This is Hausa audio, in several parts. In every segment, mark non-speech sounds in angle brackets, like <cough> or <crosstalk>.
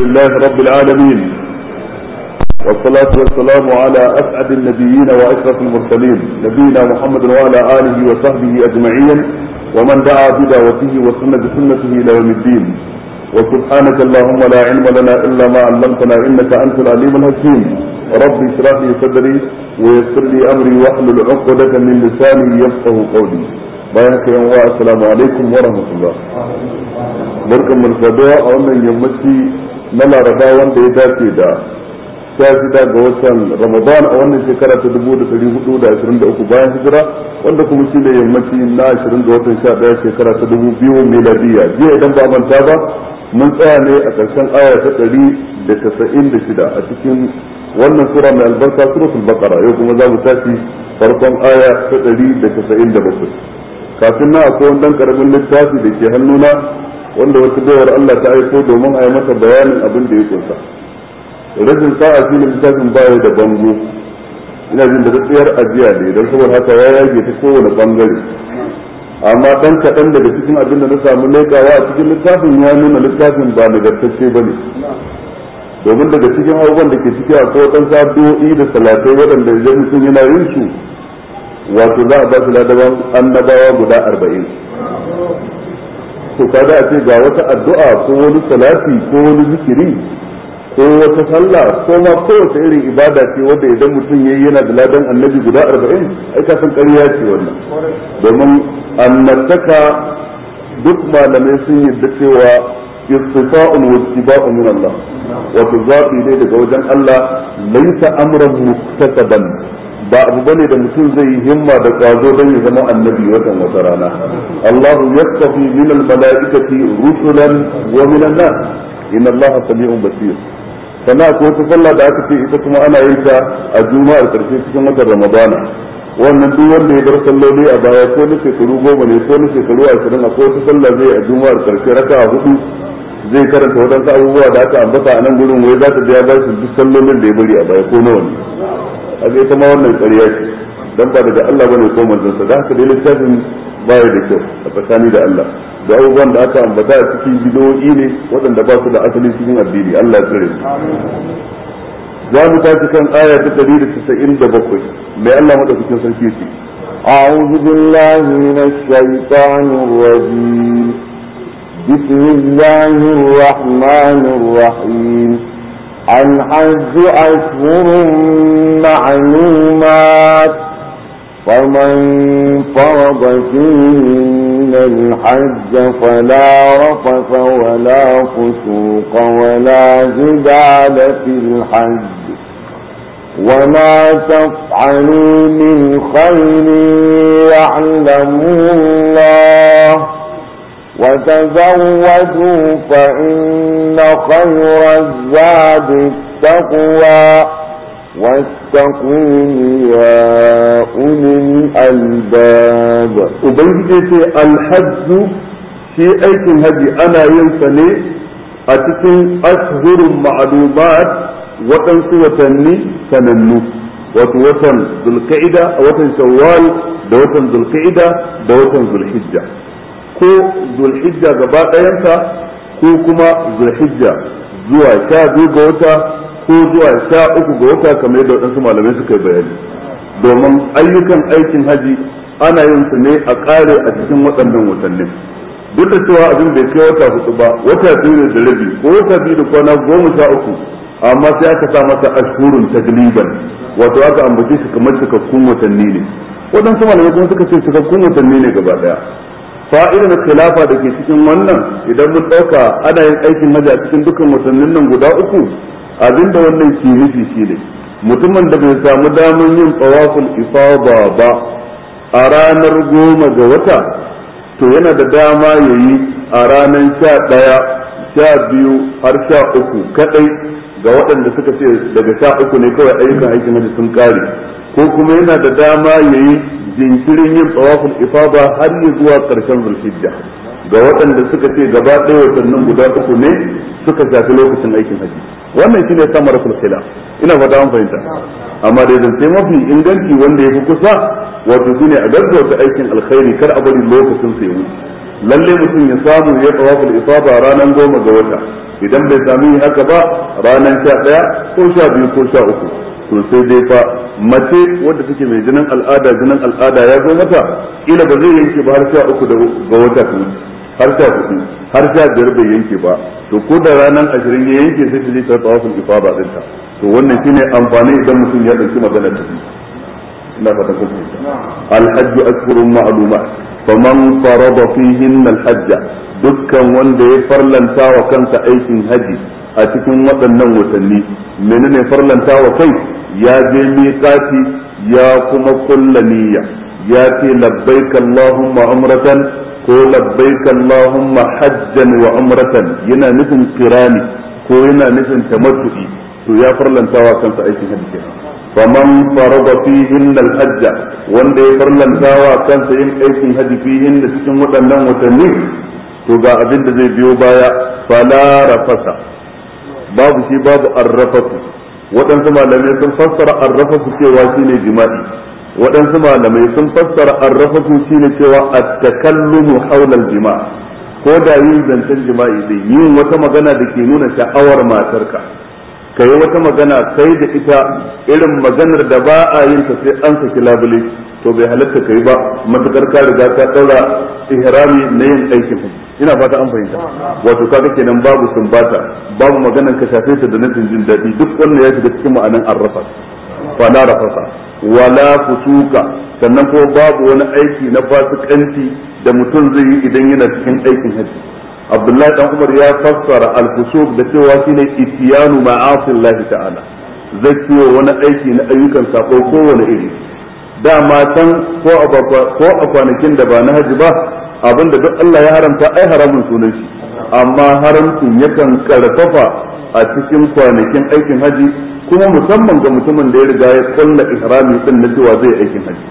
لله رب العالمين والصلاة والسلام على أسعد النبيين وأشرف المرسلين نبينا محمد وعلى آله وصحبه أجمعين ومن دعا بدعوته وسن بسنته إلى يوم الدين وسبحانك اللهم لا علم لنا إلا ما علمتنا إنك أنت العليم الحكيم رب اشرح لي صدري ويسر لي أمري واحلل عقدة من لساني يفقه قولي bayan ka yan wa assalamu alaikum wa rahmatullah barkan mu da a wannan yammaci na laraba wanda ya dace da ta da ga watan ramadan a wannan shekara ta dubu da dari hudu da ashirin da uku bayan hijira wanda kuma shi ne yammaci na ashirin ga watan sha daya shekara ta dubu biyu miladiya jiya idan ba manta ba mun tsaya ne a ƙarshen aya ta dari da tasa'in da shida a cikin wannan sura mai albarka suratul baqara yau kuma za mu tashi farkon aya ta dari da tasa'in da bakwai kafin na akwai wani ɗan ƙaramin littafi da ke hannuna wanda wata bayar Allah ta aiko domin a yi masa bayanin abin da ya kunsa rashin sa'a shi ne littafin baya da bango ina jin da tsayar ajiya ne don saboda haka ya yage ta kowane bangare amma dan kaɗan daga cikin abin da na samu lekawa a cikin littafin ya nuna littafin ba nagartacce ba ne domin daga cikin abubuwan da ke ciki a kowaɗan sa'adu'o'i da salatai waɗanda ya mutum yana yin su wato za a ba su ladaban annabawa guda arba'in to ka za a ce ga wata addu'a ko wani salati ko wani zikiri ko wata sallah ko ma kowace irin ibada ce wanda idan mutum yayi yana da ladan annabi guda arba'in ai ka san ƙarya ce wannan domin annabtaka duk malamai sun yadda cewa istifa'un wa istiba'un min Allah wato zaɓi ne daga wajen Allah laisa amran muktasaban ba abu bane da mutum zai yi himma da kwazo don ya zama annabi watan wata rana ya tafi min al-mala'ikati rusulan wa min an-nas inna Allah sami'un basir kana ko ta sallah da aka ce ita kuma ana yin ta a juma'ar karshe cikin watan Ramadana wannan duk wanda ya bar salloli a baya ko na shekaru goma ne ko na shekaru ashirin ko ta sallah zai a juma'ar karshe a hudu zai karanta wadansu abubuwa da aka ambata a nan gurin wai za ta biya bashin duk sallolin da ya bari a baya ko nawa ne a ga wannan ƙarya ce dan ba daga Allah bane ko manzon sa da haka dai littafin baya da kyau a tsakani da Allah da abubuwan da aka ambata a cikin bidoyi ne waɗanda ba su da asali cikin addini Allah ya tsare za mu kan aya ta 197 mai Allah cikin sarki ce أعوذ بالله من الشيطان الرجيم بسم الله الرحمن الرحيم الحج أشهر معلومات فمن فرض فيهن الحج فلا رفث ولا فسوق ولا جدال في الحج وما تفعلوا من خير يعلم الله وتزودوا فإن خير الزاد التقوى واستقوم يا أولي الألباب في الحج في أي هدي أنا ينسني أتكن أشهر معلومات وتنسي وتني سننو وتوتن ذو القعدة وتن شوال دوتن ذو القعدة دوتن ذو الحجة ko zulhijja gaba ɗayanta ko kuma zulhijja zuwa sha biyu ga wata ko zuwa sha uku ga wata kamar yadda waɗansu malamai suka yi bayani domin ayyukan aikin haji ana yin su ne a ƙare a cikin waɗannan watannin duk da cewa abin bai kai wata hudu ba wata biyu da rabi ko wata biyu da kwana goma sha uku amma sai aka sa masa ashurun tagliban wato aka ambace shi kamar cikakkun watanni ne waɗansu malamai kuma suka ce cikakkun watanni ne gaba ɗaya fa'idar khilafa da ke cikin wannan idan mun ɗauka ana yin aikin haji a cikin dukkan watannin nan guda uku abinda wannan ke nufi shi ne mutumin da bai samu damar yin tsawafin ifaba ba a ranar goma ga wata to yana da dama ya yi a ranar sha ɗaya sha biyu har sha uku kaɗai ga waɗanda suka ce daga sha uku ne kawai ayyukan aikin hajji sun kare ko kuma yana da dama yayi jinkirin yin tsawafin ifada har ya zuwa ƙarshen zulhijja ga waɗanda suka ce gaba ɗaya watannin guda uku ne suka shafi lokacin aikin hajji wannan shine samar fulfila ina fata an fahimta amma da zance mafi inganci wanda ya fi kusa wato shine a gaggauta aikin alkhairi kar a bari lokacin sa wuce lalle mutum ya samu ya tawaful isaba ranar goma ga wata idan bai sami haka ba ranar sha ɗaya ko sha biyu ko sha uku to sai dai fa mace wanda take mai jinin al'ada jinin al'ada ya zo mata kila ba zai yanke ba har sha uku ga wata kuma har sha hudu har sha biyar bai yanke ba to ko da ranar ashirin ya yanke sai ta je ta tawaful isaba ɗinta to wannan shine amfani idan mutum ya ɗauki maganar ta ina fata kun alhajj ashhurun ma'lumat faman farada fihin dukkan wanda ya farlanta wa kansa aikin haji a cikin waɗannan watanni menene farlanta wa kai ya je miƙati ya kuma kulla niyya ya ce labbaik allahumma umratan ko labbaik allahumma hajjan wa umratan yana nufin kirani ko yana nufin tamattu'i to ya farlanta wa kansa aikin haji kenan faman farada fihin hajja wanda ya farlanta wa kansa yin aikin hajji fihin da cikin waɗannan watanni to ga abin da zai biyo baya fala rafasa babu shi babu arrafasu waɗansu malamai sun fassara arrafasu cewa shine jima'i waɗansu malamai sun fassara arrafasu shine cewa at-takallumu hawla al ko da yin zancen jima'i zai yin wata magana da ke nuna sha'awar matarka ka yi wata magana kai da ita irin maganar da ba a yin ta sai an saki labule to bai halatta kai ba matukar ka riga ka daura ihrami na yin aikin ina fata an fahimta wato kaga kenan babu sumbata babu maganar ka shafe ta da na jin daɗi duk wannan ya shiga cikin ma'anan arrafa fa fala rafasa wala fusuka sannan ko babu wani aiki na fasikanci da mutum zai yi idan yana cikin aikin hajji abdullahi dan umar ya fassara al da cewa shine isyanu ma'asillah ta'ala zakiyo wani aiki na ayyukan sako kowane iri dama can ko a kwanakin da ba na haji ba abinda duk Allah ya haramta ai haramun sunan shi amma haramcin yakan karfafa a cikin kwanakin aikin haji kuma musamman ga mutumin da ya riga ya kulla ihrami din na cewa zai aikin haji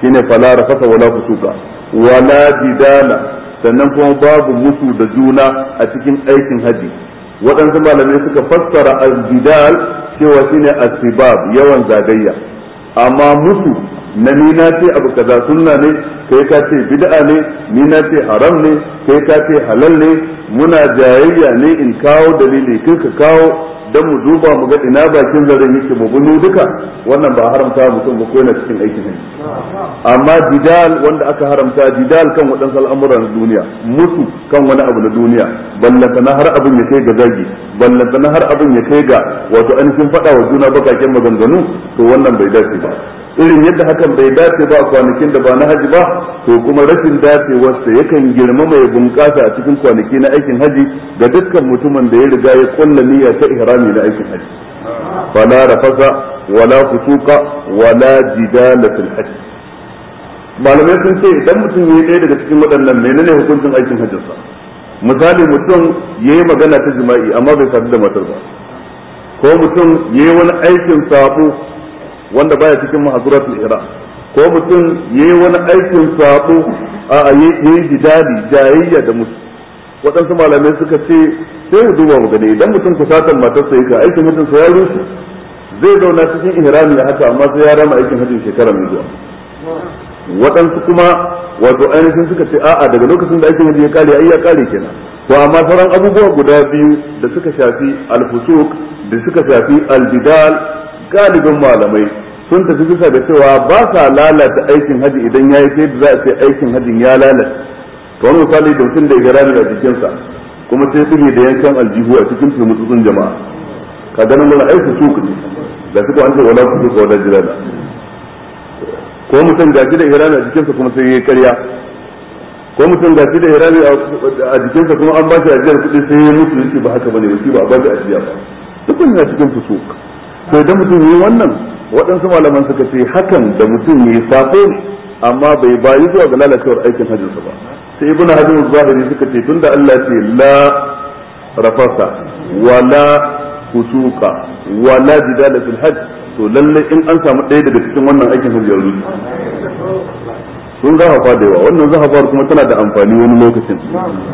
shine fala rafasa wala kusuka wala bidala sannan kuma babu musu da juna a cikin aikin haji waɗansu malamai suka fassara al-jidal cewa shine asibab yawan zagayya amma mutu na ni na ce abu kaza sunna ne kai ka ce bid'a ne ni na ce haram ne kai ka ce halal ne muna jayayya ne in kawo dalili kai ka kawo dan mu duba mu ga ina bakin zaren yake mu bunu duka wannan ba haramta mutum ba ko yana cikin aikin ne amma jidal wanda aka haramta jidal kan waɗansu al'amuran duniya mutu kan wani abu na duniya ballanta na har abin ya kai ga zagi ballanta na har abin ya kai ga wato ainihin faɗa wa juna bakaken maganganu to wannan bai dace ba irin yadda hakan bai dace ba a kwanakin da ba na haji ba to kuma rashin dacewarsa yakan girma mai bunƙasa a cikin kwanaki na aikin haji ga dukkan mutumin da ya riga ya kulla niyya ta ihrami na aikin haji fala rafasa wala fusuka wala jidala fil haji malamai sun ce idan mutum yayi ɗaya daga cikin waɗannan menene hukuncin aikin hajjinsa misali mutum yayi magana ta jima'i amma bai sadu da matar ba ko mutum yayi wani aikin sabo wanda baya cikin mahazuratul ihram ko mutum yayi wani aikin sabo a yayi jidali jayayya da mutum waɗansu malamai suka ce sai mu duba mu gani idan mutum matar matarsa yake aikin mutum sa ya rusu zai zauna cikin ihrami da haka amma sai ya rama aikin hajjin shekara mai zuwa waɗansu kuma wato ainihin suka ce a'a daga lokacin da aikin hajji ya kare ai ya kare kenan to amma sauran abubuwa guda biyu da suka shafi al da suka shafi al-bidal galibin malamai sun tafi bisa da cewa ba sa lalata aikin haji idan ya yi sai za a ce aikin hajin ya lalata to wani misali da mutum da gara a jikinsa kuma sai su da yankan aljihu a cikin turmutsutsun jama'a ka ganin mana aiki su kudi da suka an ce wala su kawo da jirana ko mutum ga shi da ihrami a jikinsa kuma sai ya karya ko mutum ga shi da ihrami a jikinsa kuma an ba shi ajiyar kuɗi sai ya mutu yake ba haka bane ba shi ba a ba da ajiya ba dukkan na cikin fusuk sai da mutum yi wannan waɗansu malaman suka ce hakan da mutum yi safe amma bai bayi zuwa ga lalacewar aikin hajjinsa ba sai ibnu hajjin zahiri suka ce da Allah ce la rafasa wala fusuka wala jidala fil hajj to lalle in an samu ɗaya daga cikin wannan aikin hajji yanzu sun zahafa da yawa wannan zahafar kuma tana da amfani wani lokacin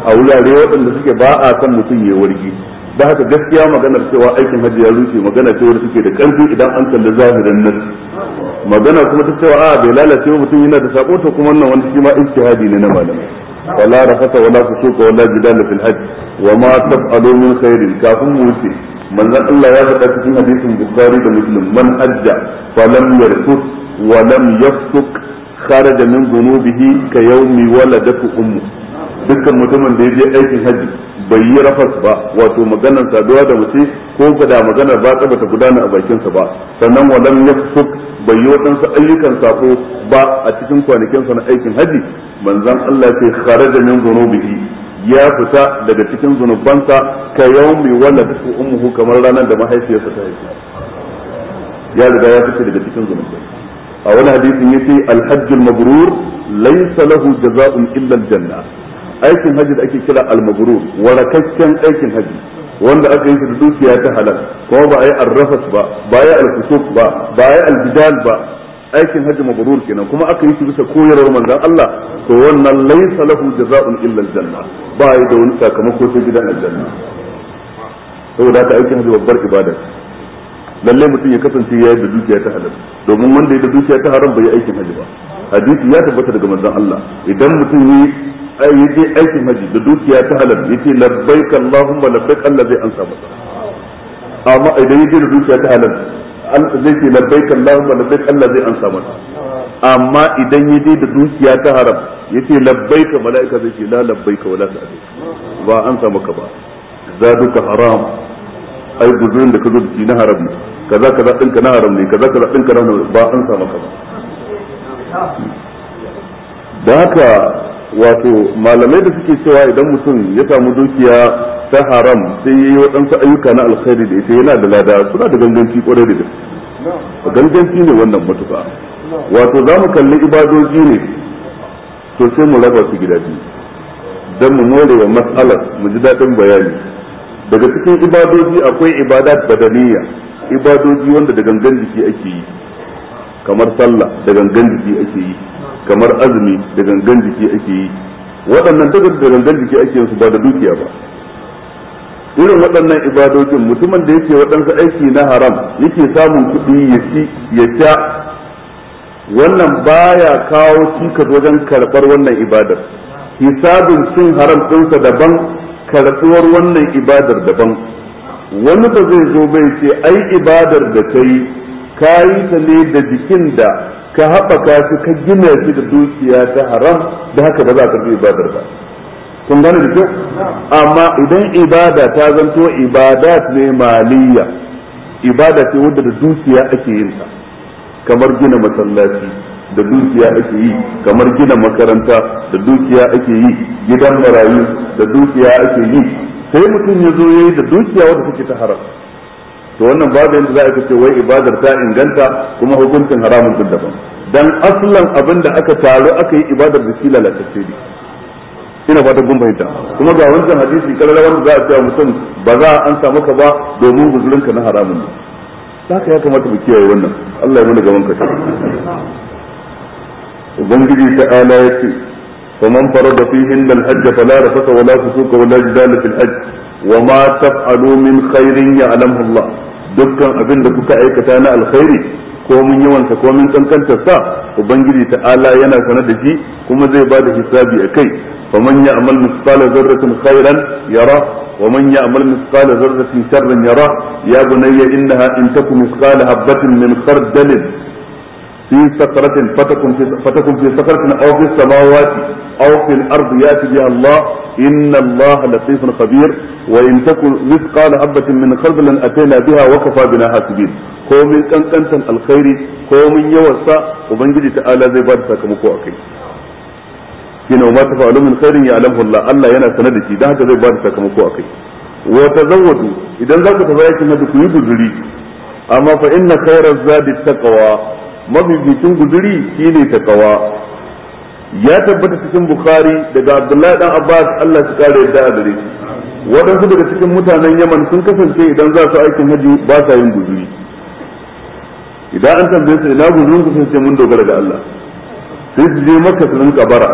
a wurare waɗanda suke ba a kan mutum ya warge da haka gaskiya maganar cewa aikin hajji ya rushe magana ce wanda suke da karfi idan an kalli zahirin nan magana kuma ta cewa a bai lalace ba mutum yana da sako to kuma wannan wani shi ma ijtihadi ne na malamai wala rafata wala fusuqa wala jidala fil hajj wa ma taf'alu min khairin kafin mu wuce manzon Allah ya faɗa cikin hadisin Bukhari da Muslim man hajja falam yarfus wa lam yafsuq kharaja min dhunubihi ka yawmi waladatu ummuh dukkan mutumin da ya je aikin hajji bai yi rafas ba wato maganar saduwa da mace ko da maganar ba ta bata gudana a bakinsa ba sannan walam yafsuk bai yi waɗansu ayyukan sako ba a cikin kwanakinsa na aikin hajji manzon Allah ya ce da min dhunubihi ya fita daga cikin zunubansa ka yaumi waladatu ummuhu kamar ranar da mahaifiyarsa ta haifa ya riga ya fita daga cikin zunubai a wani hadisin yace al-hajjul mabrur laysa lahu jazaa'un illa al-janna aikin hajji da ake kira al-mabrur warakakken aikin haji wanda aka yi da dukiya ta halal kuma ba a yi arrafas ba ba a yi alkusuf ba ba a yi albidal ba aikin hajji mabrur kenan kuma aka yi shi bisa koyarwar manzon Allah to wannan laysa lahu jazaa'un illa janna ba yi da wani sakamako sai gidan aljanna saboda ta aikin hajji babbar ibada lalle mutum ya kasance ya yi da dukiya ta halal domin wanda ya da dukiya ta haram bai yi aikin hajji ba hadisi ya tabbata daga manzon Allah idan mutum yi ai je aikin haji da dukiya ta halal yace labbaik allahumma labbaik ansa masa amma idan da dukiya ta halal zai ce labbaik allahumma labbaik ansa masa amma idan da dukiya ta haram yace labbaik malaika zai ce la labbaik wala ba maka ba zaduka haram ai guzurin da da shi na haram ne kaza kaza na haram ne kaza kaza na haram ba an sa maka ba da haka wato malamai da suke cewa idan mutum ya samu dukiya ta haram sai ya yi waɗansu ayyuka na alkhairi da ita yana da lada suna da ganganci kwarai da gaske ganganci ne wannan matuka wato za mu kalli ibadoji ne to sai mu raba su gida biyu don mu more wa matsalar mu ji daɗin bayani daga cikin ibadoji akwai ibada badaniya ibadoji wanda da gangan jiki ake yi kamar sallah da gangan jiki ake yi kamar azumi da gangan jiki ake yi waɗannan daga da gangan jiki ake su ba da dukiya ba irin waɗannan ibadojin mutumin da yake waɗansu aiki na haram yake samun kuɗi ya ci ya sha wannan baya kawo cikas wajen karɓar wannan ibadar hisabin sun haram ɗinsa daban karɓuwar wannan ibadar daban wani ba zai zo bai ce ai ibadar da ta yi ka yi ta ne da jikin da ka haɓaka su ka gina shi da dukiya ta haram da haka ba za ka bi ibadar ba kun gane da kyau amma idan ibada ta zanto ibadat ne maliyya ibada ce wadda da dukiya ake yin ta kamar gina masallaci da dukiya ake yi kamar gina makaranta da dukiya ake yi gidan marayu da dukiya ake yi sai mutum ya zo ya yi da dukiya wadda take ta haram to wannan babu yanda za a ce wai ibadar ta inganta kuma hukuncin haramun duk daban dan aslan abin da aka taru aka yi ibadar da shi lalatacce ne ina fatan kun fahimta kuma ga wancan hadisi kalala wanda za a ce mutum ba za a ansa maka ba domin guzurinka na haramun ne haka ya kamata mu kiyaye wannan Allah ya mana gaban ka ubangiji ta ala yace faman farada fihin al-hajj fala rafata wala fusuka wala jidala hajj wa ma taf'alu min khairin ya'lamu dukkan abin da kuka aikata na alkhairi ko mun yawan ko mun kankantar sa ubangiji ta'ala yana sanar da shi kuma zai bada hisabi akai faman ya'mal misqala dharratin khairan yara ومن يعمل مثقال ذرة شرا يره يا بني إنها إن تك مثقال حبة من خردل في سكرة فتكن في سكرة أو في السماوات أو في الأرض يأتي بها الله إن الله لطيف خبير وإن تكن مثقال حبة من خردل أتينا بها وكفى بنا حاسبين قوم أن أنت الخير قومي يوسع ومن جد تعالى زي بارسا كمكوأك إن وما تفعلوا من خير يعلمه الله الله ينا سندك دهك زي بارسا كمكوأك وتزودوا إذا لم تتزايك ما تكون أما فإن خير الزاد التقوى mafificin guduri ta kawa ya tabbata cikin bukhari daga abdullahi dan abbas allah su kare yadda a dare shi waɗansu daga cikin mutanen yaman sun kasance idan za su aikin hajji ba sa yin guduri idan an tambaye su ina guduri ku sun ce mun dogara ga allah sai su je maka su rinka bara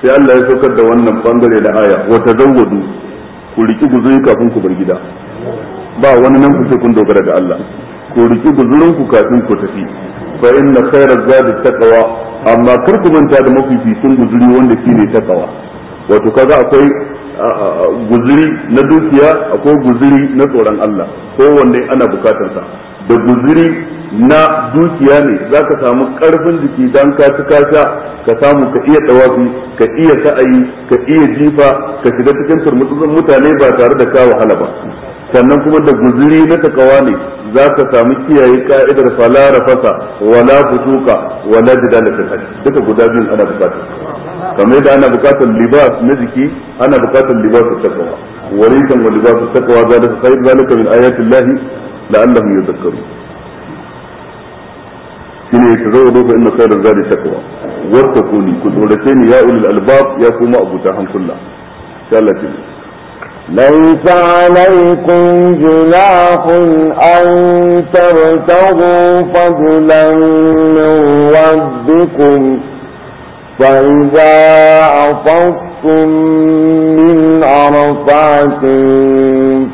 sai allah ya saukar da wannan bangare da aya wata tazawwadu ku riki guzuri kafin ku bar gida ba wani nan ku kun dogara ga allah ku riki guzurin ku kafin ku tafi fa inna khayra zadi taqwa amma kar ku manta da mafificin guzuri wanda shine taqwa wato kaga akwai guzuri na dukiya akwai guzuri na tsoron Allah ko wanda ana bukatar sa da guzuri na dukiya ne zaka samu karfin jiki dan ka ci ka samu ka iya tawafi ka iya sa'ayi ka iya jifa ka shiga cikin turmutsun mutane ba tare da ka wahala ba sannan kuma da guzuri na takawa ne za ka samu kiyaye ka'idar fala rafasa wala fusuka wala jidala fil hajj duka guda biyun ana bukatar kamar yadda ana bukatar libas na jiki ana bukatar libas takawa warisan wa libas takawa za zalika khair zalika min lahi ayati Allah la'allahum yadhakkarun shine ya tazo da ku inna khairan zadi taqwa wa taquni ku tsorace ni ya ulul albab ya kuma abuta hankula sallallahu alaihi ليس عليكم جناح أن ترتضوا فضلا من ربكم فإذا عطفتم من عرفات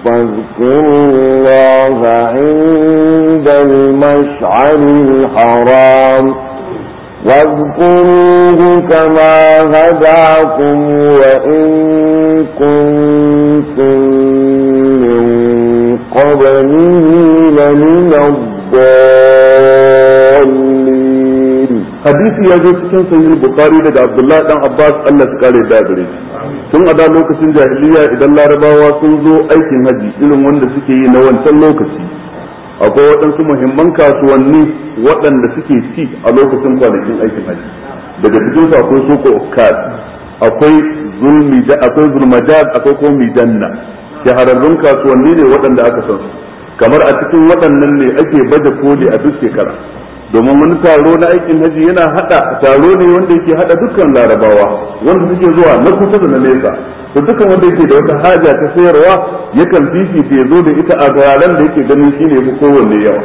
فاذكروا الله عند المشعر الحرام واذكروه كما هداكم وإن كنتم من قبله لمن الضالين حديث يا زوج كان سيد البخاري لدى عبد الله بن عباس أن تكاري دابري tun a da lokacin jahiliya idan larabawa sun zo aikin haji irin wanda suke yi na wancan lokaci akwai waɗansu muhimman kasuwanni waɗanda suke ci a lokacin kwanakin aikin hajji daga cikin su akwai suko kad akwai zulmi akwai zulmajad akwai ko mijanna shahararrun kasuwanni ne waɗanda aka san kamar a cikin waɗannan ne ake baje koli a duk shekara domin wani taro na aikin haji yana hada taro ne wanda yake hada dukkan larabawa wanda suke zuwa na kusa da na nesa to dukkan wanda yake da wata haja ta sayarwa yakan fifi ya zo da ita a garan da yake ganin shine ne kowanne yawa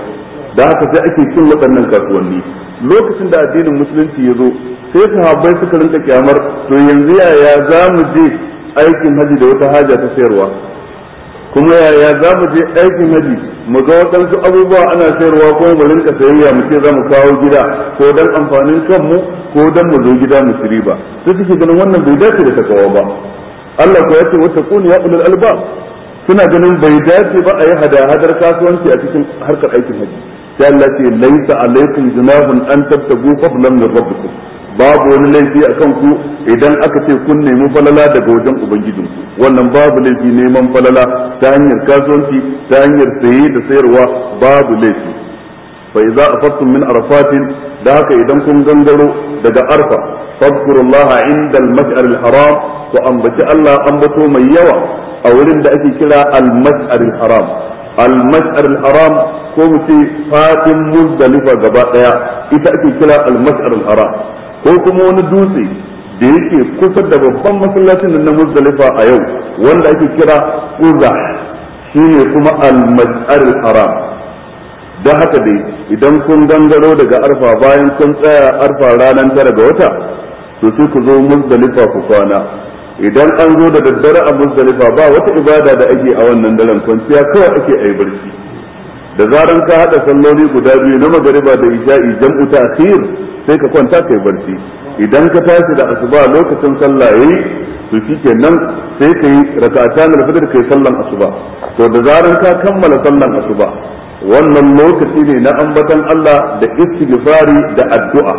da haka sai ake cin waɗannan kasuwanni lokacin da addinin musulunci ya zo sai sahabbai suka rinka kyamar to yanzu yaya za mu je aikin haji da wata haja ta sayarwa kuma yaya za mu je aikin haji mu ga waɗansu abubuwa ana sayarwa ko mu rinka sayayya mu ce za mu kawo gida ko dan amfanin kanmu ko dan mu zo gida mu siri ba sai suke ganin wannan bai dace da takawa ba Allah ko ya ce wata kuni ya ulul albab suna ganin bai dace ba a yi hada-hadar kasuwanci a cikin harkar aikin haji sai Allah ce laisa alaikum junahun an tabtagu fadlan min rabbikum babu wani laifi a kan ku idan aka ce kun nemi falala daga wajen ubangijin ku wannan babu laifi neman falala ta hanyar kasuwanci ta hanyar saye da sayarwa babu laifi fa idza afattum min arafatin da haka idan kun gangaro daga arfa fadkurullaha inda al-mas'ar al-haram ku ambaci Allah ambato mai yawa a wurin da ake kira al-mas'ar al-haram al-mas'ar al-haram ko mu ce fadin muzdalifa gaba daya ita ake kira al-mas'ar al-haram ko kuma wani dutse da yake kusa da babban masallacin na muzdalifa a yau wanda ake kira uza ne kuma al-mas'ar haram da haka dai idan kun gangaro daga arfa bayan kun tsaya arfa ranar tara ga wata to sai ku zo muzdalifa ku kwana idan an zo da daddare a muzdalifa ba wata ibada da ake a wannan daren kwanciya kawai ake yi barci da zaran ka hada salloli guda biyu na magariba da isha'i jam'u ta'khir sai ka kwanta kai barci idan ka tashi da asuba lokacin sallah yayi to nan sai kai rak'ata na fajr kai sallan asuba to da zaran ka kammala sallan asuba wannan lokaci ne na ambatan Allah da istighfari da addu'a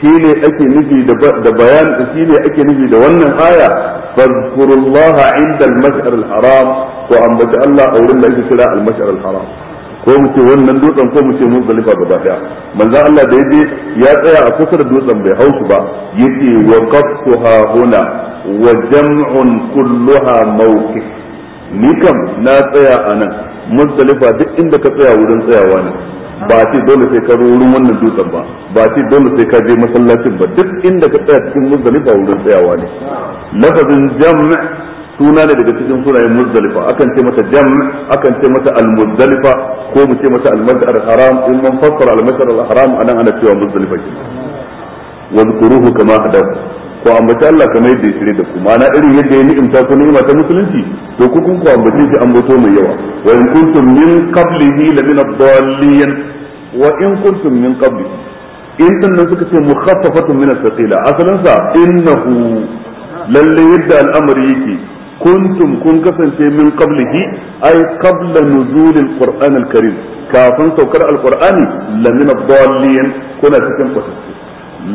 shine ake nufi da bayan shine ake nufi da wannan aya fadhkurullaha inda al-mash'ar al-haram ko ambaci Allah a wurin da ake kira al-mash'ar al-haram ko mu ce wannan dutsen ko mu ce muzdalifa gaba daya manzo Allah da yaje ya tsaya a kusa da dutsen bai hausu ba yace wa qaftuha huna wa jam'un kulluha mawqif ni kam na tsaya anan muzdalifa duk inda ka tsaya wurin tsayawa ne ba ce dole sai ka wurin wannan dutsen ba ba ce dole sai ka je masallacin ba duk inda ka tsaya cikin muzdalifa wurin tsayawa ne lafazin jam' suna ne daga cikin sunayen muzdalifa akan ce mata jam akan ce mata al ko mu ce mata al haram in man fassara al-mashar al-haram anan ana cewa muzdalifa ke wazkuruhu kama hadab ko ambaci Allah kamar yadda ya shirye da ku ma'ana irin yadda ya ni'imta ku ni'ima ta musulunci to ku kun ku ambace shi ambato mai yawa wa in kuntum min qablihi la min ad-dallin wa in kuntum min qabli in din nan suka ce mukhaffafatun min as-saqila asalin sa innahu lalle yadda al'amari yake kuntum kun kasance min qablihi ay qabla nuzul alquran alkarim kafin saukar alqurani lamin ad kuna cikin kwatanci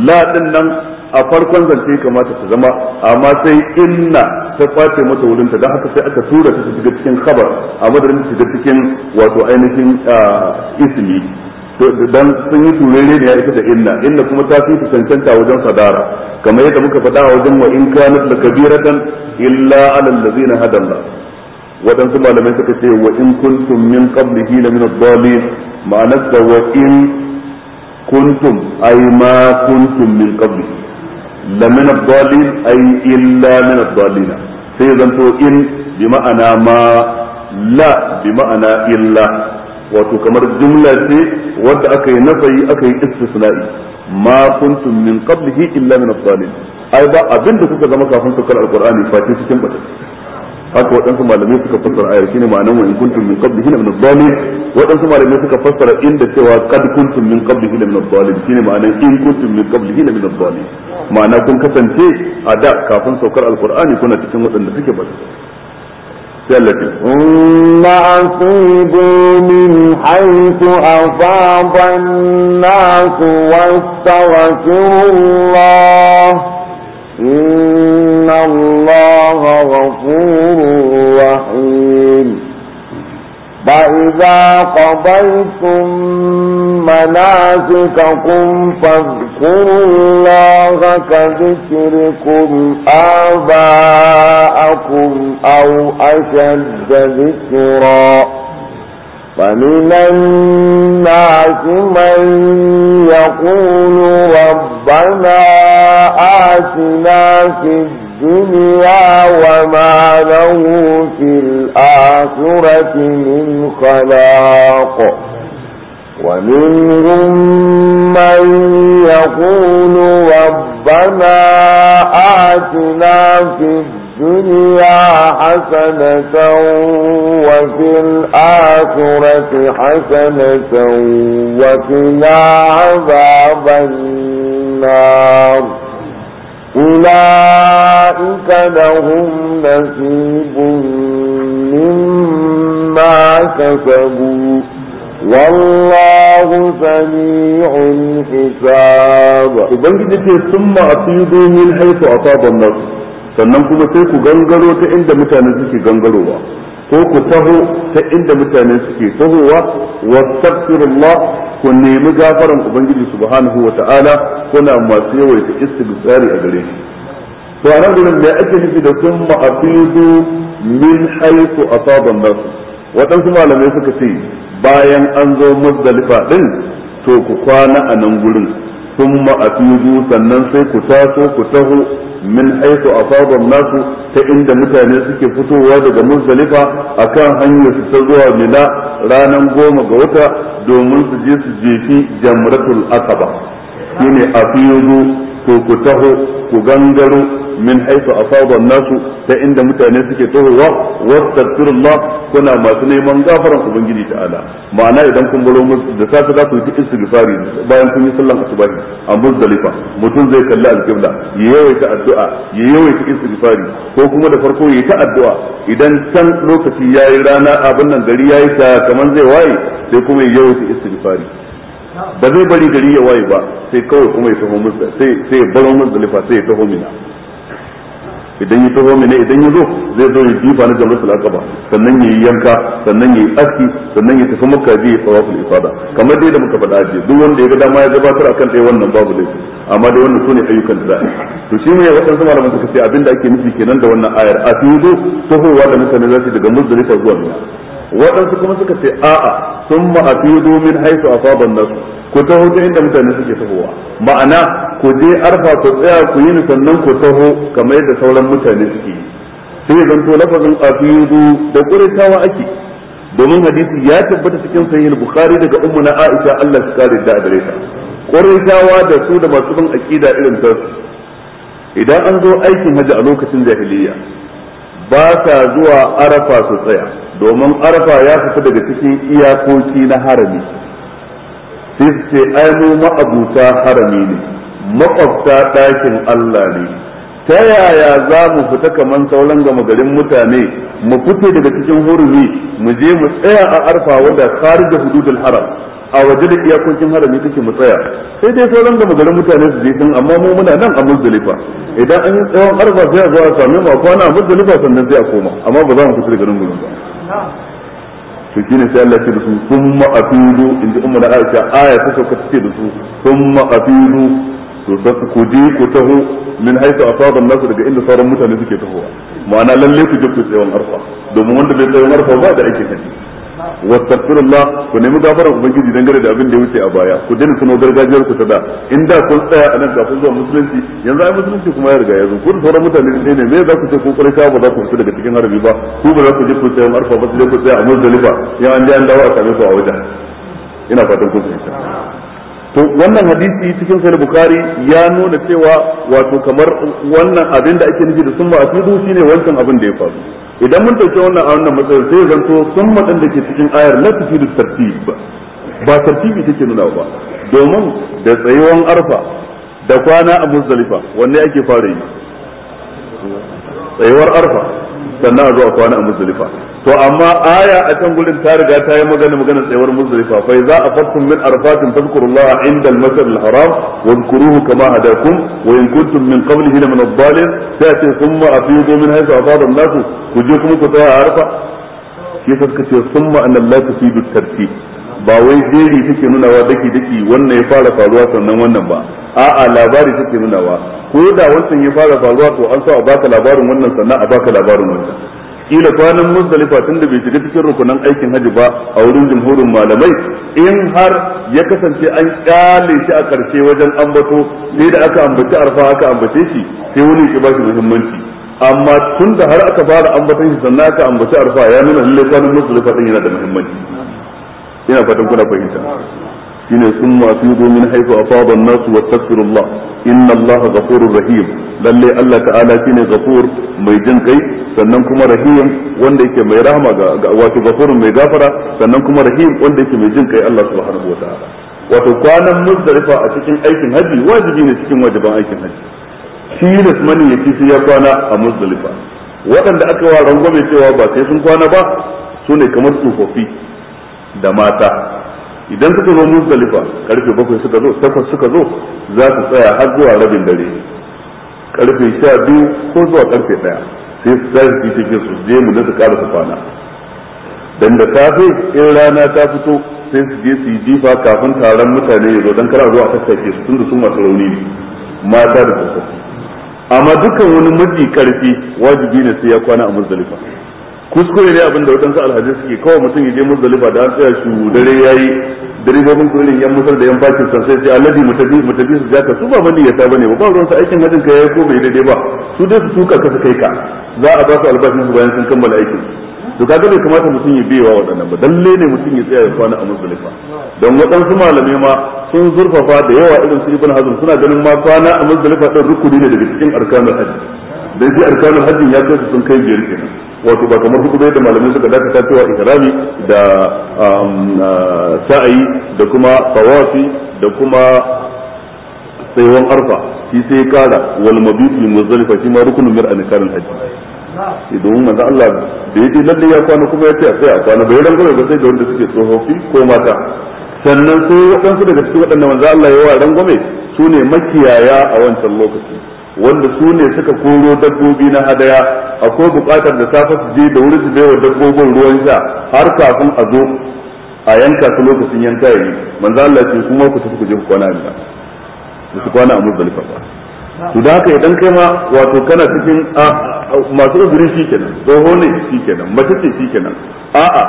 la din nan a farkon zance kamata ta zama amma sai inna ta kwace mata wurin ta don haka sai aka tura ta shiga cikin khabar a madadin shiga cikin wato ainihin ah, ismi dan sun yi turere ne ya isa da inna inna kuma ta fi cancanta wajen sadara kamar yadda muka faɗa a wajen wa in kanat la kabiratan illa ala allazina hadalla waɗansu malamai suka ce wa in kuntum min qablihi la min ad-dallin ma'anar da wa in kuntum ay ma kuntum min qablihi la min ad-dallin ay illa min ad-dallina sai zanto in bi ma'ana ma la bi ma'ana illa wato kamar jumla ce wadda aka yi nafayi aka yi istisna'i ma kuntum min qablihi illa min adh-dhalim ai ba abin da kuka zama kafin saukar alqur'ani face cikin bata haka waɗansu malamai suka fassara ayar shine ma'anar wa in kuntum min qablihi min adh-dhalim waɗansu malamai suka fassara inda cewa kad kuntum min qablihi min adh-dhalim shine ma'anar in kuntum min qablihi min adh-dhalim ma'ana kun kasance a da kafin saukar alqur'ani kuna cikin waɗanda suke bata التي ثم أصيبوا من حيث أفاض الناس واستغفروا الله إن الله غفور رحيم فإذا قضيتم مناسككم فاذكروا الله كذكركم آباءكم أو أشد ذكرا فمن الناس من يقول ربنا آتنا في الدنيا الدنيا وما له في الآخرة من خلاق ومنهم من يقول ربنا آتنا في الدنيا حسنة وفي الآخرة حسنة وقنا عذاب النار أولئك لهم نصيب مما كسبوا والله سميع حساب ubangiji sun ma'afidu min haitu asaban nas sannan kuma sai ku gangaro ta inda mutane suke gangarowa ko ku taho ta inda mutane suke tahowa tafsirullah ku nemi gafaran ubangiji subhanahu wa ta'ala kuna masu yawaita istighfari a gare to anan gurin me ake nufi da sun ma'afidu min haythu a an waɗansu malamai suka ce bayan an zo muzdalifa ɗin to ku kwana a nan gurin thumma afidu sannan sai ku taso ku taho min haythu afadha nasu ta inda mutane suke fitowa daga muzdalifa akan hanyar su ta zuwa mina ranan goma ga wata domin su je su jefi jamratul akaba shine afidu ko ku taho ku gangaro min haifu sabon nasu ta inda mutane suke tohowa wastaghfirullah kuna masu neman gafaran ubangiji ta'ala ma'ana idan kun baro da safe za ku yi istighfari bayan kun yi sallan asubahi a muzdalifa mutum zai kalli alƙibla ya yawaita addu'a ya yawaita istighfari ko kuma da farko ya ta addu'a idan can lokaci ya yi rana abin nan gari ya yi ta kamar zai waye sai kuma ya yawaita istighfari ba zai bari gari ya waye ba sai kawai kuma ya taho musu sai sai baro lifa sai ya taho mina idan ya taho mina idan ya zo zai zo ya jifa na salaka ba sannan ya yi yanka sannan ya yi aski sannan ya tafi bi ya yi ifada kamar dai da muka faɗa ajiye duk wanda ya ga dama ya gabatar akan ɗaya wannan babu laifi amma dai wannan sune ayyukan da za a to shi ne da malaman suka ce abinda ake nufi kenan da wannan ayar a tuzo tahowa da mutane za su daga muzdalifa zuwa mina waɗansu kuma suka ce a'a thumma afidu min haythu asaba an-nas ku taho ta inda mutane suke tahowa ma'ana ku je arfa ku tsaya ku yi sannan ku taho kamar yadda sauran mutane suke yi sai to lafazin afidu da kuritawa ake domin hadisi ya tabbata cikin sahih bukhari daga ummu na aisha Allah ya kare da gare ta kuritawa da su da masu bin akida irin ta idan an zo aikin haji a lokacin jahiliyya ba sa zuwa arafa su tsaya domin arafa ya fita daga cikin iyakoki na harami sai su ce ai ma'abuta harami ne maƙwabta ɗakin Allah ne ta yaya za mu fita kaman sauran gama garin mutane mu fito daga cikin hurumi mu je mu tsaya a arfa wanda da hududul haram a waje da iyakokin harami take mu tsaya sai dai sauran gama garin mutane su je din amma mu muna nan a muzdalifa idan an yi tsawon arfa sai a zo a same mu a kwana a muzdalifa sannan sai a koma amma ba za mu fito daga nan gurin ba to shine sai Allah ya da su summa afidu inda ummu da Aisha aya ta sauka take da su kuma afidu to ku ji ku taho min haitu asaban nasu daga inda sauran mutane suke tahowa ma'ana lalle ku je ku tsayon arfa domin wanda bai tsayon arfa ba da ake kani wastaghfirullah ku nemi gafarar ubangiji dangane da abin da ya wuce a baya ku dena sano gargajiyar ku ta da in da kun tsaya a nan kafin zuwa musulunci yanzu ai musulunci kuma ya riga ya zo ku da sauran mutane ne ne me za ku ce ku kurka ba za ku fita daga cikin harbi ba ku ba za ku je ku tsayon arfa ba sai ku tsaya a muzdalifa ya an je an dawo a same ku a wajen ina fatan kun fahimta to wannan hadisi cikin sahih bukhari ya nuna cewa wato kamar wannan abin da ake nufi da summa asudu shine wancan abin da ya faru idan mun dauke wannan a wannan matsayin sai zanto summa din da ke cikin ayar la tufidu tartib ba tartibi take nuna ba domin da tsayuwan arfa da kwana a muzdalifa wanne ake fara yi tsayuwar arfa sannan a zuwa kwana a muzdalifa to amma aya a can gurin ta riga ta yi magana magana tsayawar muzdalifa fa idza afattum min arfatin fadhkurullaha inda al-masjid al-haram wa dhkuruhu kama hadakum wa in kuntum min qablihi lamin ad-dallin sai ce thumma afidu min haythu afada an-nas ku je kuma ku tsaya a arfa shi suka ce thumma an Allah tufidu tartib ba wai jeri take nunawa daki daki wannan ya fara faruwa sannan wannan ba a'a labari take nunawa ko da wannan ya fara faruwa to an sa a baka labarin wannan sannan a baka labarin wannan kila kwanan muzdalifa tun da bai shiga cikin rukunan aikin haji ba a wurin jumhurin malamai in har ya kasance an kyale shi a karshe wajen ambato sai da aka ambaci arfa aka ambace shi sai wani ya ba shi muhimmanci amma tun da har aka fara ambaton shi sannan aka ambaci arfa ya nuna lallai kwanan muzdalifa din yana da muhimmanci ina fatan kuna fahimta shine sun masu yi domin haifu a fadon nasu wa tafsirullah inna Allah ghafurur rahim lalle Allah ta'ala shine gafur mai jin kai sannan kuma rahim wanda yake mai rahama ga wato gafur mai gafara sannan kuma rahim wanda yake mai jin kai Allah subhanahu wa wato kwanan muzdalifa a cikin aikin haji wajibi ne cikin wajiban aikin haji shi ne mani ya ci ya kwana a muzdalifa waɗanda aka wa rangwame cewa ba sai sun kwana ba su ne kamar tsofaffi da mata idan suka zo muzdalifa karfe bakwai suka zo takwas suka zo za su tsaya har zuwa rabin dare karfe sha biyu ko zuwa karfe ɗaya sai su tsaya su cikin su je mu su ƙara su kwana dan da safe in rana ta fito sai su je su yi jifa kafin taron mutane ya zo dan kar a zo a su tunda sun masu rauni ne mata da tsofaffi amma dukkan wani mafi karfi wajibi ne sai ya kwana a muzdalifa kuskure ne abinda waɗansu alhaji suke kawai mutum ya je muzdalifa da an tsaya shi dare yayi direbobin ko yan musar da yan bakin san sai sai alladhi mutabi mutabi su jaka su ba mani yata bane ba ba ruwan aikin hajin ka yayi ko bai daidai ba su dai su tuka kasa kai ka za a ba su albashin su bayan sun kammala aikin to kaga bai kamata mutum ya biyewa waɗannan ba dalle ne mutum ya tsaya ya kwana a muzdalifa don waɗansu malamai ma sun zurfafa da yawa irin su ibn hazm suna ganin ma kwana a muzdalifa din rukuni ne daga cikin arkanul hajji dai sai arkanul hajji ya kai sun kai biyar kenan wato ba kamar hudu da malamai suka dakata cewa ihrami da um, uh, sa'ayi da kuma tawafi da kuma tsayuwan arfa shi sai kara wal mabiti muzdalifa shi ma rukunin mir ankarul hajji domin manzo Allah da yake lalle ya kwana kuma ya ce sai a kwana bai rangwame ba sai da wanda suke tsofaffi ko mata sannan sai wadansu daga cikin wadannan manzo Allah ya wa rangwame su ne makiyaya a wancan lokaci wanda su ne suka koro dabbobi na hadaya akwai bukatar da safa su je da wuri su baiwa dabbobin ruwan sha har kafin a zo a yanka su lokacin yanka yayi manzo Allah ce kuma ku tafi ku je ku kwana a mina ku ku kwana a muzdalifa ba to da haka idan kai ma wato kana cikin ah, masu uzuri shikenan tsoho ne shikenan mace ce shikenan a'a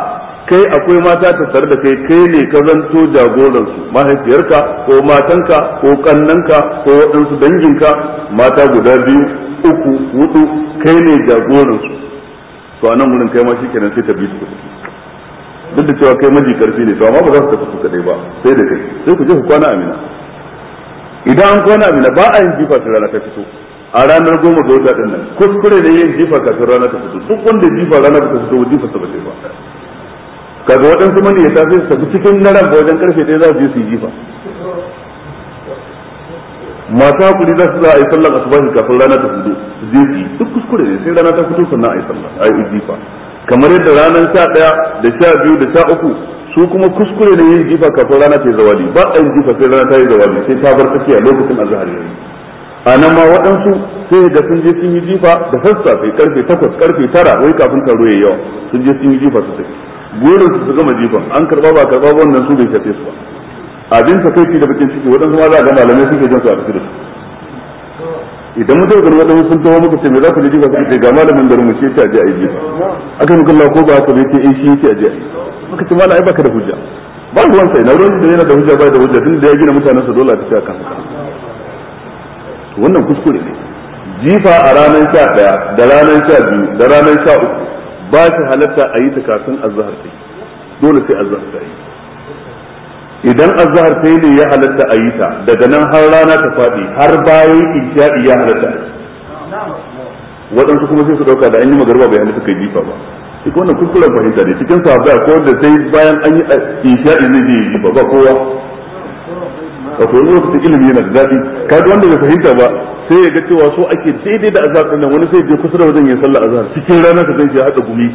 kai akwai mata ta tare da kai kai ne ka zanto jagoransu mahaifiyarka ko matanka ko kannanka ko waɗansu danginka mata guda biyu uku hudu kai ne jagoransu to a nan wurin kai ma shikenan sai ka bi su duk da cewa kai maji karfi ne to amma ba za su tafi su kadai ba sai da kai sai ku je ku kwana amina idan an kwana amina ba a yin jifa ta rana ta fito a ranar goma ga wata ɗin nan kuskure da yin jifa kafin rana ta fito duk wanda jifa rana ta fito jifa ta ba ba kaga waɗansu mani ya tafi su cikin daren ba wajen karfe ɗaya za su je su yi jifa masu hakuri za su za a yi sallar asubahi kafin rana ta fito su je su duk kuskure ne sai rana ta fito sannan a yi sallar a yi jifa kamar yadda ranar sha ɗaya da sha biyu da sha uku su kuma kuskure ne yin jifa kafin rana ta yi zawali ba a yi jifa sai rana ta yi zawali sai ta bar tsakiya lokacin azhar yayi a nan ma waɗansu sai ga sun je sun yi jifa da sassafe karfe takwas karfe tara wai kafin taro ya yawa sun je sun yi jifa su burin su su gama jifan an karba ba karba ba wannan su bai shafe su ba abin ta kai da bakin ciki waɗansu ma za a ga malamai suke jan su a cikin da su idan mutum ga wadansu sun tawo muka ce me za ku ji jifa sai ga malamin da mu ce ta a yi jifa aka muka Allah ko ba ka bai ce in eh, shi yake aje ayi muka ce malai baka da hujja ba ruwan sai na ruwan da yana da hujja ba da hujja tun da ya gina mutanen sa dole a tafi aka wannan kuskure ne jifa a ranar 11 da ranar 12 da ranar ba shi halatta a yi ta kafin azhar ta yi dole sai azahar ta yi idan azahar ta yi ne ya halatta a yi ta daga nan har rana ta faɗi har bayan isha'i ya halatta waɗansu kuma sai su ɗauka da an yi magarba bai halatta kai jifa ba shi kuma kuskuren fahimta ne cikin sahabbai ko da sai bayan an yi isha'i zai je jifa ba kowa Ka wani lokacin ilimi yana da daɗi kaga wanda bai fahimta ba sai ya ga cewa so ake daidai da azhar din wani sai ya je kusa da wajen ya sallar azhar cikin rana ka ganshi ya hada gumi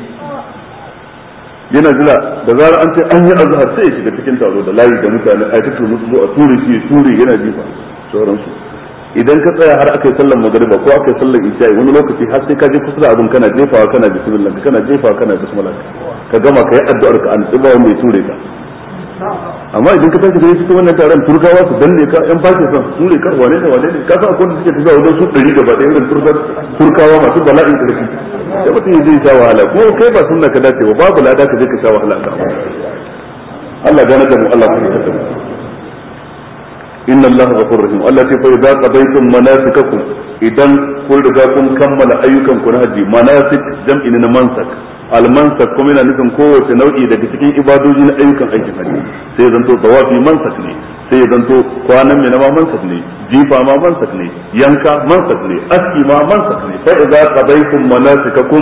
yana jira da zarar an ce an yi azhar sai ya shiga cikin taro da layi da mutane a cikin musu a ture shi ture yana jifa sauransu idan ka tsaya har aka yi sallar magariba ko aka yi sallar isha wani lokaci har sai ka je kusa da abin kana jefawa kana bismillah kana jefawa kana bismillah ka gama ka yi addu'ar ka an tsiba mai ture ka amma idan ka da kai kuma wannan taron turkawa su danne ka yan bashi san su ne kan wane ne wane ne ka san akwai da suke tafiya wajen su ɗari gaba ɗaya irin turkawa masu bala'in ƙarfi da mutum zai sha wahala kuma kai ba sunna ka dace ba babu lada ka je ka sha wahala ka Allah gane da mu Allah ku ta inna Allah ghafur rahim Allah ce fa idza qadaytum manasikakum idan kun riga kun kammala ayyukan ku na haji manasik jam'i na mansak almansa kuma yana nufin kowace nau'i daga cikin ibadoji na ayyukan aikin hajji sai zanto tawafi mansak ne sai zanto kwanan mai nama mansak ne jifa ma mansak ne yanka mansak ne aski ma mansak ne fa idza qadaytum manasikakum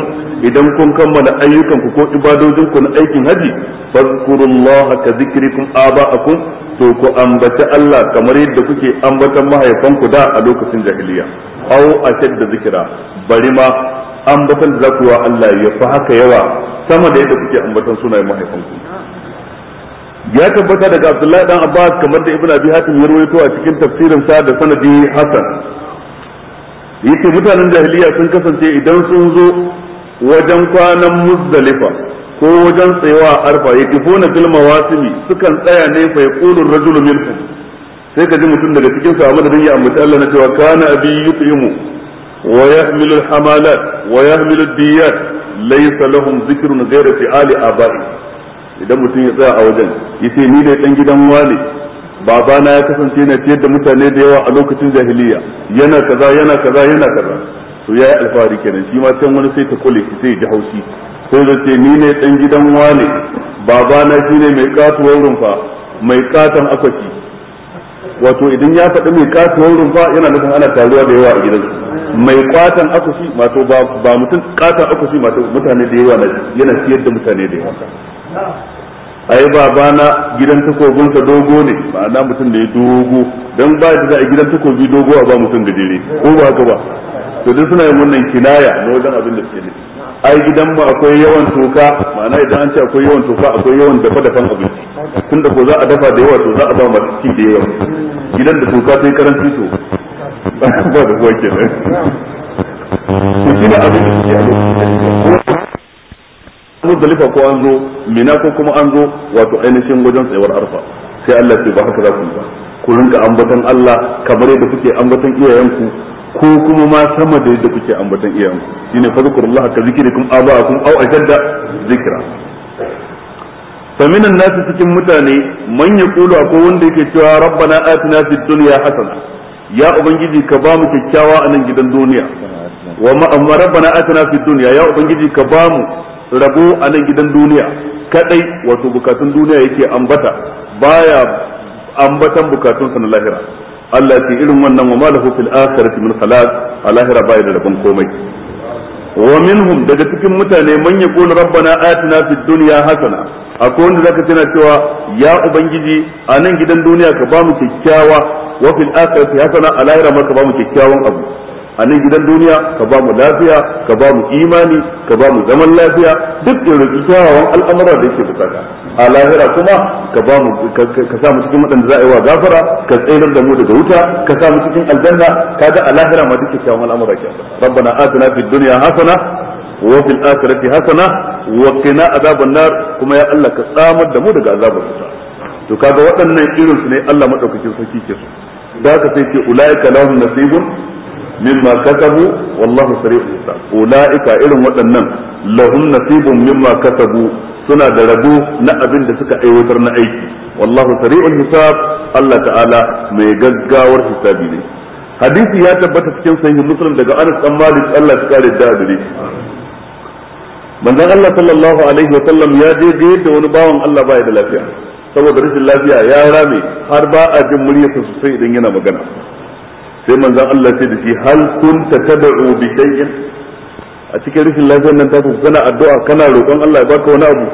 idan kun kammala ayyukan ku ko ibadojin ku na aikin haji fadhkurullaha ka dhikrikum aba'akum to ku ambata Allah kamar yadda kuke ambatan mahaifanku da a lokacin jahiliya aw ashadda zikra bari ma ambatan da za ku wa Allah ya fi haka yawa sama da yadda kuke ambatan sunayen mahaifanku ya tabbata daga Abdullahi dan Abbas kamar da Ibn Abi Hatim ya rawaito a cikin tafsirin sa da sanadi Hasan yake mutanen jahiliya sun kasance idan sun zo wajen kwanan Muzdalifa ko wajen tsayawa Arfa fona fil wasimi sukan tsaya ne fa yaqulu ar-rajulu minhum sai ka ji mutum daga cikin su a madadin ya ambata Allah na cewa kana abi yutimu ويحمل الحمالات ويحمل الديات ليس لهم ذكر غير فعال آبائي idan mutum ya tsaya a wajen yace ni dai dan gidan wane babana ya kasance yana ciyar da mutane da yawa a lokacin jahiliya yana kaza yana kaza yana kaza to yayi alfahari kenan shi ma can wani sai ta kule shi sai ji haushi sai da ce ni ne dan gidan wane babana shine mai katuwar rumfa mai katon akwati wato idan ya faɗi mai katuwar rumfa yana nufin ana taruwa da yawa a gidansu mai kwatan akusi wato ba mutum kwatan akusi wato mutane da yawa yana siyar da mutane da yawa ai na gidan takobinsa dogo ne ma'ana mutum da ya dogo don ba da a gidan takobi dogo a ba mutum da dire ko ba ka ba to duk suna yin wannan kinaya na wajen abin da suke ne ai gidan mu akwai yawan toka ma'ana idan an ce akwai yawan toka akwai yawan dafa dafan abinci tunda ko za a dafa da yawa to za a ba masu da yawa gidan da toka sai karanci to ba da kuwa kenan to shi ne abin da suke a lokacin muzdalifa ko an zo mina ko kuma an zo wato ainihin wajen tsayuwar arfa sai Allah ce ba haka za ku ba ku rinka ambatan Allah kamar yadda kuke ambatan iyayenku ko kuma ma sama da yadda kuke ambatan iyayenku shine fadhkurullaha ka zikrikum aba'akum aw ajadda zikra فمن nasu cikin mutane man yaqulu akwai wanda yake cewa rabbana atina fid dunya hasana ya ubangiji ka ba mu kyakkyawa a nan gidan duniya wa ma'amma rabbana atina fid dunya ya ubangiji ka ba mu rabo a nan gidan duniya kadai wato bukatun duniya yake ambata baya ambatan bukatun sa na lahira Allah ya ce irin wannan wa malahu fil akhirati min khalaq a lahira bai da rabon komai wa minhum daga cikin mutane man yaqulu rabbana atina fid dunya hasana akwai wanda zaka tana cewa ya ubangiji a nan gidan duniya ka bamu kyakkyawa wa fil akhirati hasana a lahira ma ka bamu kyakkyawan abu a nan gidan duniya ka ba mu lafiya ka ba mu imani ka ba mu zaman lafiya duk irin kyawawan al'amura da yake bukata a lahira kuma ka ba mu ka sa mu cikin wadanda za a yi wa gafara ka tsayar da mu daga wuta ka sa mu cikin aljanna ga a lahira ma duk kyawawan al'amura ke rabbana atina fid dunya hasana wa fil akhirati hasana wa qina adhaban nar kuma ya Allah ka tsamar da mu daga azabar wuta to kaga waɗannan irin su ne Allah madaukakin sarki ke so da haka sai ce ulaika lahum nasibun mimma kasabu wallahu sari'ul hisab ulaika irin waɗannan lahum nasibun mimma kasabu suna da rabo na abin da suka aiwatar na aiki wallahu sari'ul hisab Allah ta'ala mai gaggawar hisabi ne hadisi ya tabbata cikin sahihin muslim daga Anas dan Malik Allah ya kare da gare manzon Allah sallallahu alaihi wa sallam ya je ga yadda wani bawan Allah baya da lafiya saboda rashin lafiya ya rame har ba a jin muryarsa sosai idan yana magana sai manzan Allah sai da shi hal ta tad'u bi shay'in a cikin rikin lafiyar nan taku kana addu'a kana roƙon Allah ya baka wani abu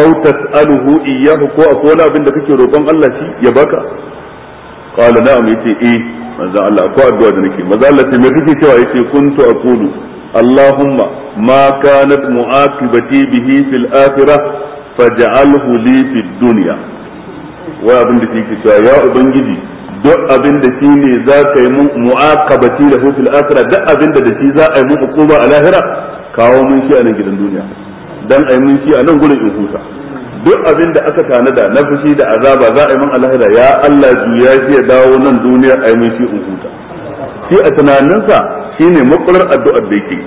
aw tas'aluhu iyyahu ko a wani abin da kake roƙon Allah shi ya baka qala na'am yace eh manzan Allah ko addu'a da nake maza Allah sai me kake cewa yace kuntu aqulu اللهم ما كانت bihi fil afira الآخرة فاجعله hulifi duniya wa abin da ke cewa ya ubangiji duk abin da shi ne za ka yi mun mu'aqabati da fil akhirah duk abin da shi za a yi mun hukuma a lahira kawo mun shi a nan gidan duniya dan a yi mun shi a nan gurin in huta duk abin da aka tanada na fushi da azaba za a yi mun a lahira ya Allah juya shi ya dawo nan duniya a yi mun shi in huta shi a tunaninsa shi ne makular addu'ar da yake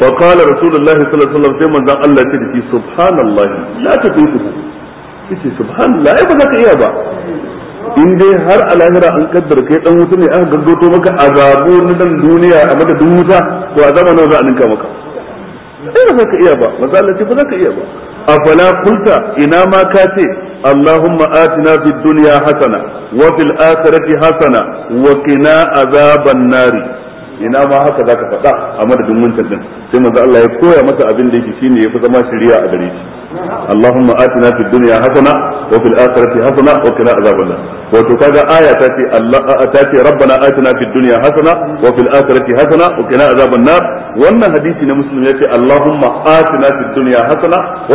fa qala rasulullahi sallallahu alaihi wasallam sai manzon Allah ya ce subhanallahi la taqulu yace subhanallah ba za ka iya ba in dai har a lahira an kaddar kai dan wuta ne aka gaggoto maka azabu na dan duniya a madadin wuta to azaba nawa za a ninka maka sai eh, ba za ka iya ba maza ce ba za ka iya ba fala kulta ina ma ka ce Allahumma atina fid dunya hasana wa fil akhirati hasana wa qina azaban nari ina ma haka zaka faɗa a madadin wancan din sai manzo Allah ya koya masa abin da yake shine yafi zama shari'a a gare shi Allahumma atina fid dunya hasana wa fil akhirati hasana wa qina azaban wato kaga aya ta ce Allah ta ce rabbana atina wannan hadisi na muslim yace Allahumma atina fid dunya hasana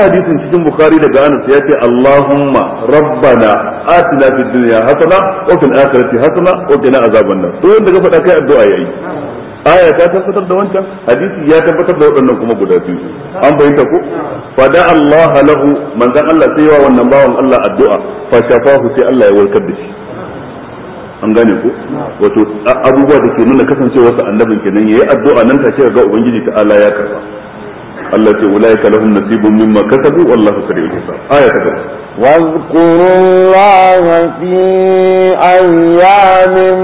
hadisin cikin bukhari daga Anas yace Allahumma rabbana atina fid dunya hasana wanda ga addu'a yayi aya ta tabbatar da wancan hadisi ya tabbatar da waɗannan kuma guda biyu an bayyana ko da Allah lahu manzon Allah sai wa wannan bawan Allah addu'a fa shafahu sai Allah ya warkar da shi an gane ku wato abubuwa da ke nuna kasancewar sa annabin kenan yayi addu'a nan take ga ubangiji ta Allah ya karba التي أولئك لهم نصيب مما كسبوا والله سريع الحساب آية aya واذكروا الله في أيام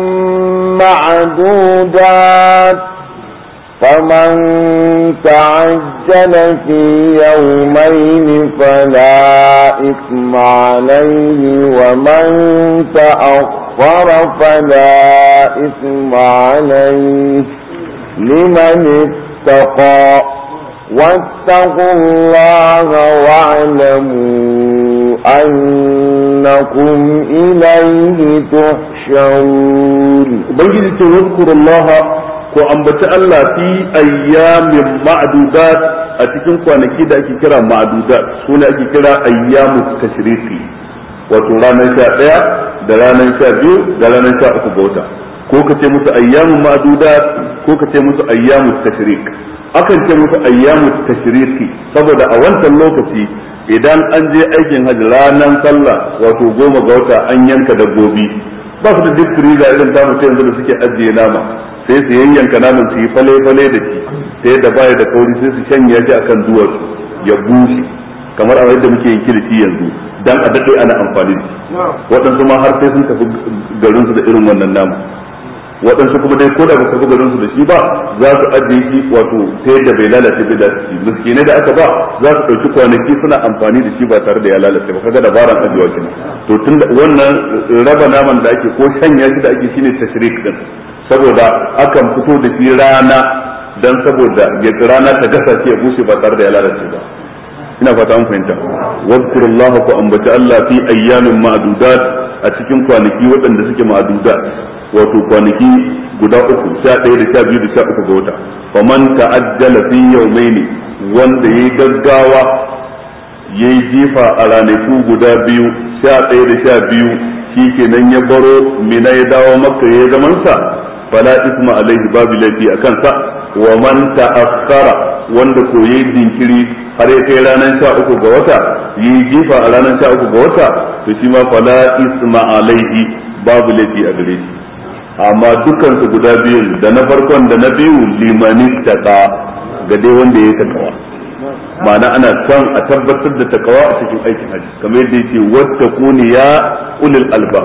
معدودات فمن تعجل في يومين فلا إثم عليه ومن تأخر فلا إثم عليه لمن اتقى واتقوا الله واعلموا أنكم إليه تحشرون بجد تذكر الله وأنبت الله في أيام معدودات أتكن كوانكي دا أكي كرا معدودات سونا أكي كرا أيام التشريقي وترانا شاء da ranar sha biyu da ranar sha ko ka ce musu ayyamun ma'dudat ko ka ce musu ayyamut tashrik akan ce musu ayyamut tashriki saboda a wancan lokaci idan an je aikin hajji ranar sallah wato goma ga wata an yanka dabbobi ba su da dukkan da irin ta mutu yanzu da suke ajiye nama sai su yanka naman su yi fale-fale da shi sai da baya da kauri sai su shanya shi akan duwatsu ya bushe kamar a yadda muke yin kilici yanzu dan a daɗe ana amfani da shi waɗansu ma har sai sun tafi garinsu da irin wannan nama waɗansu kuma dai ko da ba kafa garin su da shi ba za su ajiye shi wato sai da bai lalace bai lalace shi miskinai da aka ba za su ɗauki kwanaki suna amfani da shi ba tare da ya lalace ba kaga dabaran ajiyewa kenan to tun wannan raba naman da ake ko shanya shi da ake shine tashrik din saboda akan fito da shi rana dan saboda ya rana ta gasa shi ya bushe ba tare da ya lalace ba ina fata an fahimta wadkurullaha ku ambaci Allah fi ayyamin ma'dudat a cikin kwanaki waɗanda suke ma'dudat wato kwanaki guda uku sha ɗaya da sha biyu da sha uku ga wata man ta'ajjala fi yawmaini wanda yayi gaggawa yayi jifa a ranaku guda biyu sha ɗaya da sha biyu shi kenan ya baro mina ya dawo maka ya sa fala isma alaihi babu laifi a sa wa man ta'akkara wanda koyi dinkiri har ya kai ranar sha uku ga wata yi jifa a ranar sha uku ga wata to shi ma fala isma alaihi babu laifi a gare shi amma dukkan su guda biyun da na farkon da na biyu limani taka ga dai wanda ya takawa ma'ana ana son a tabbatar da takawa a cikin aikin hajji kamar yadda yake wata kuni ya ulil alba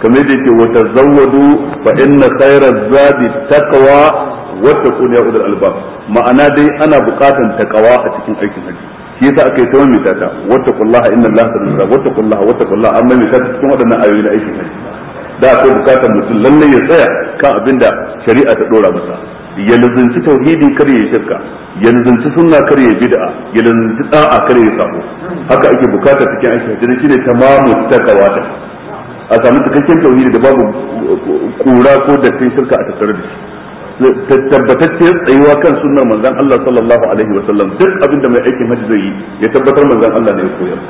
kamar yadda yake wata zawadu fa inna khayra zadi taqwa wattaqu ya ulul albab ma'ana dai ana buƙatan takawa a cikin aikin haji shi yasa aka yi ta wani tata wattaqullaha inna allaha tadalla wattaqullaha wattaqullaha amma ne tata cikin waɗannan ayoyi na aikin haji da akwai buƙatar mutum lalle ya tsaya kan abinda shari'a ta dora masa ya lazanci tauhidi kar ya shirka ya lazanci sunna kar ya bid'a ya lazanci da'a kar ya sabo haka ake buƙata cikin aikin haji shine tamamu takawa ta a samu cikakken tauhidi da babu kura ko da shirka a tattare da shi tabbatacciyar tsayuwa kan sunnar manzon Allah sallallahu alaihi wasallam duk abin da mai aikin hajji zai yi ya tabbatar manzon Allah ne ya koyar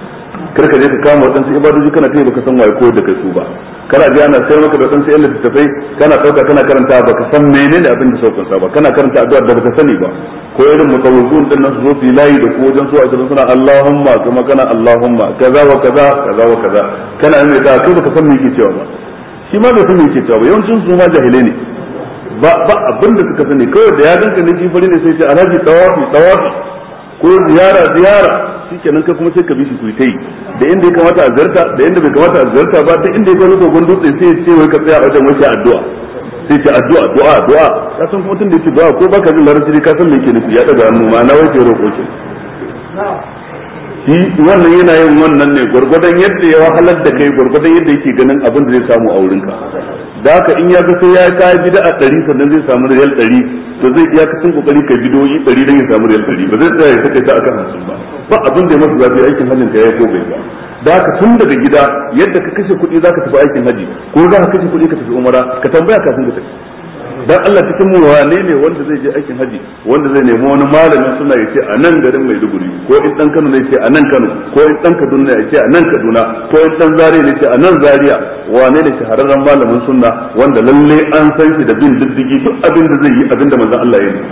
kar ka je ka kama wadansu ibadoji kana ta baka san waye koyar da kai su ba kana ji ana sayar maka da wadansu yan littattafai kana dauka kana karanta baka san menene abin da saukan sa ba kana karanta addu'a da baka sani ba ko irin mutawazun din nan su zo su layi da ko wajen su a cikin suna Allahumma kuma kana Allahumma kaza wa kaza kaza wa kaza kana mai ta kai baka san me yake cewa ba shi ma bai san me yake cewa ba yawancin su ma jahilai ne ba ba abin da suka sani kawai da ya ganka ne jifari ne sai ce alhaji tawafi tawafi ko ziyara ziyara shikenan kai kuma sai ka bi shi kuyi tai da inda ya kamata a zarta da inda bai kamata a zarta ba da inda ya kawo gogon dutse sai ya ce wai ka tsaya a wajen wata addu'a sai ce addu'a du'a du'a ka san mutum da yake du'a ko baka jin larabci ka san me yake nufi ya daga hannu ma na wace roƙo ke shi wannan yana yin wannan ne gwargwadon yadda ya wahalar da kai gwargwadon yadda yake ganin abin da zai samu a wurinka da haka in ya ga sai ya kai gida a ɗari sannan zai samu riyal ɗari to zai iya kasan kokari kai yi ɗari don ya samu riyal ɗari ba zai tsaya ya sake ta akan hamsin ba ba abin da ya masa zafi aikin hajjin ka ya ko bai ba da haka tun daga gida yadda ka kashe kuɗi za ka tafi aikin hajji ko za ka kashe kuɗi ka tafi umara ka tambaya kafin ka tafi dan Allah cikin mu wane ne wanda zai je aikin haji wanda zai nemi wani malamin suna yace a nan garin Maiduguri ko in dan Kano ne yace a nan Kano ko in dan Kaduna ne yace a nan Kaduna ko in dan Zaria ne yace a nan Zaria wane ne shahararren malamin sunna wanda lalle an san shi da bin diddigi duk abin da zai yi abin da manzon Allah ya yi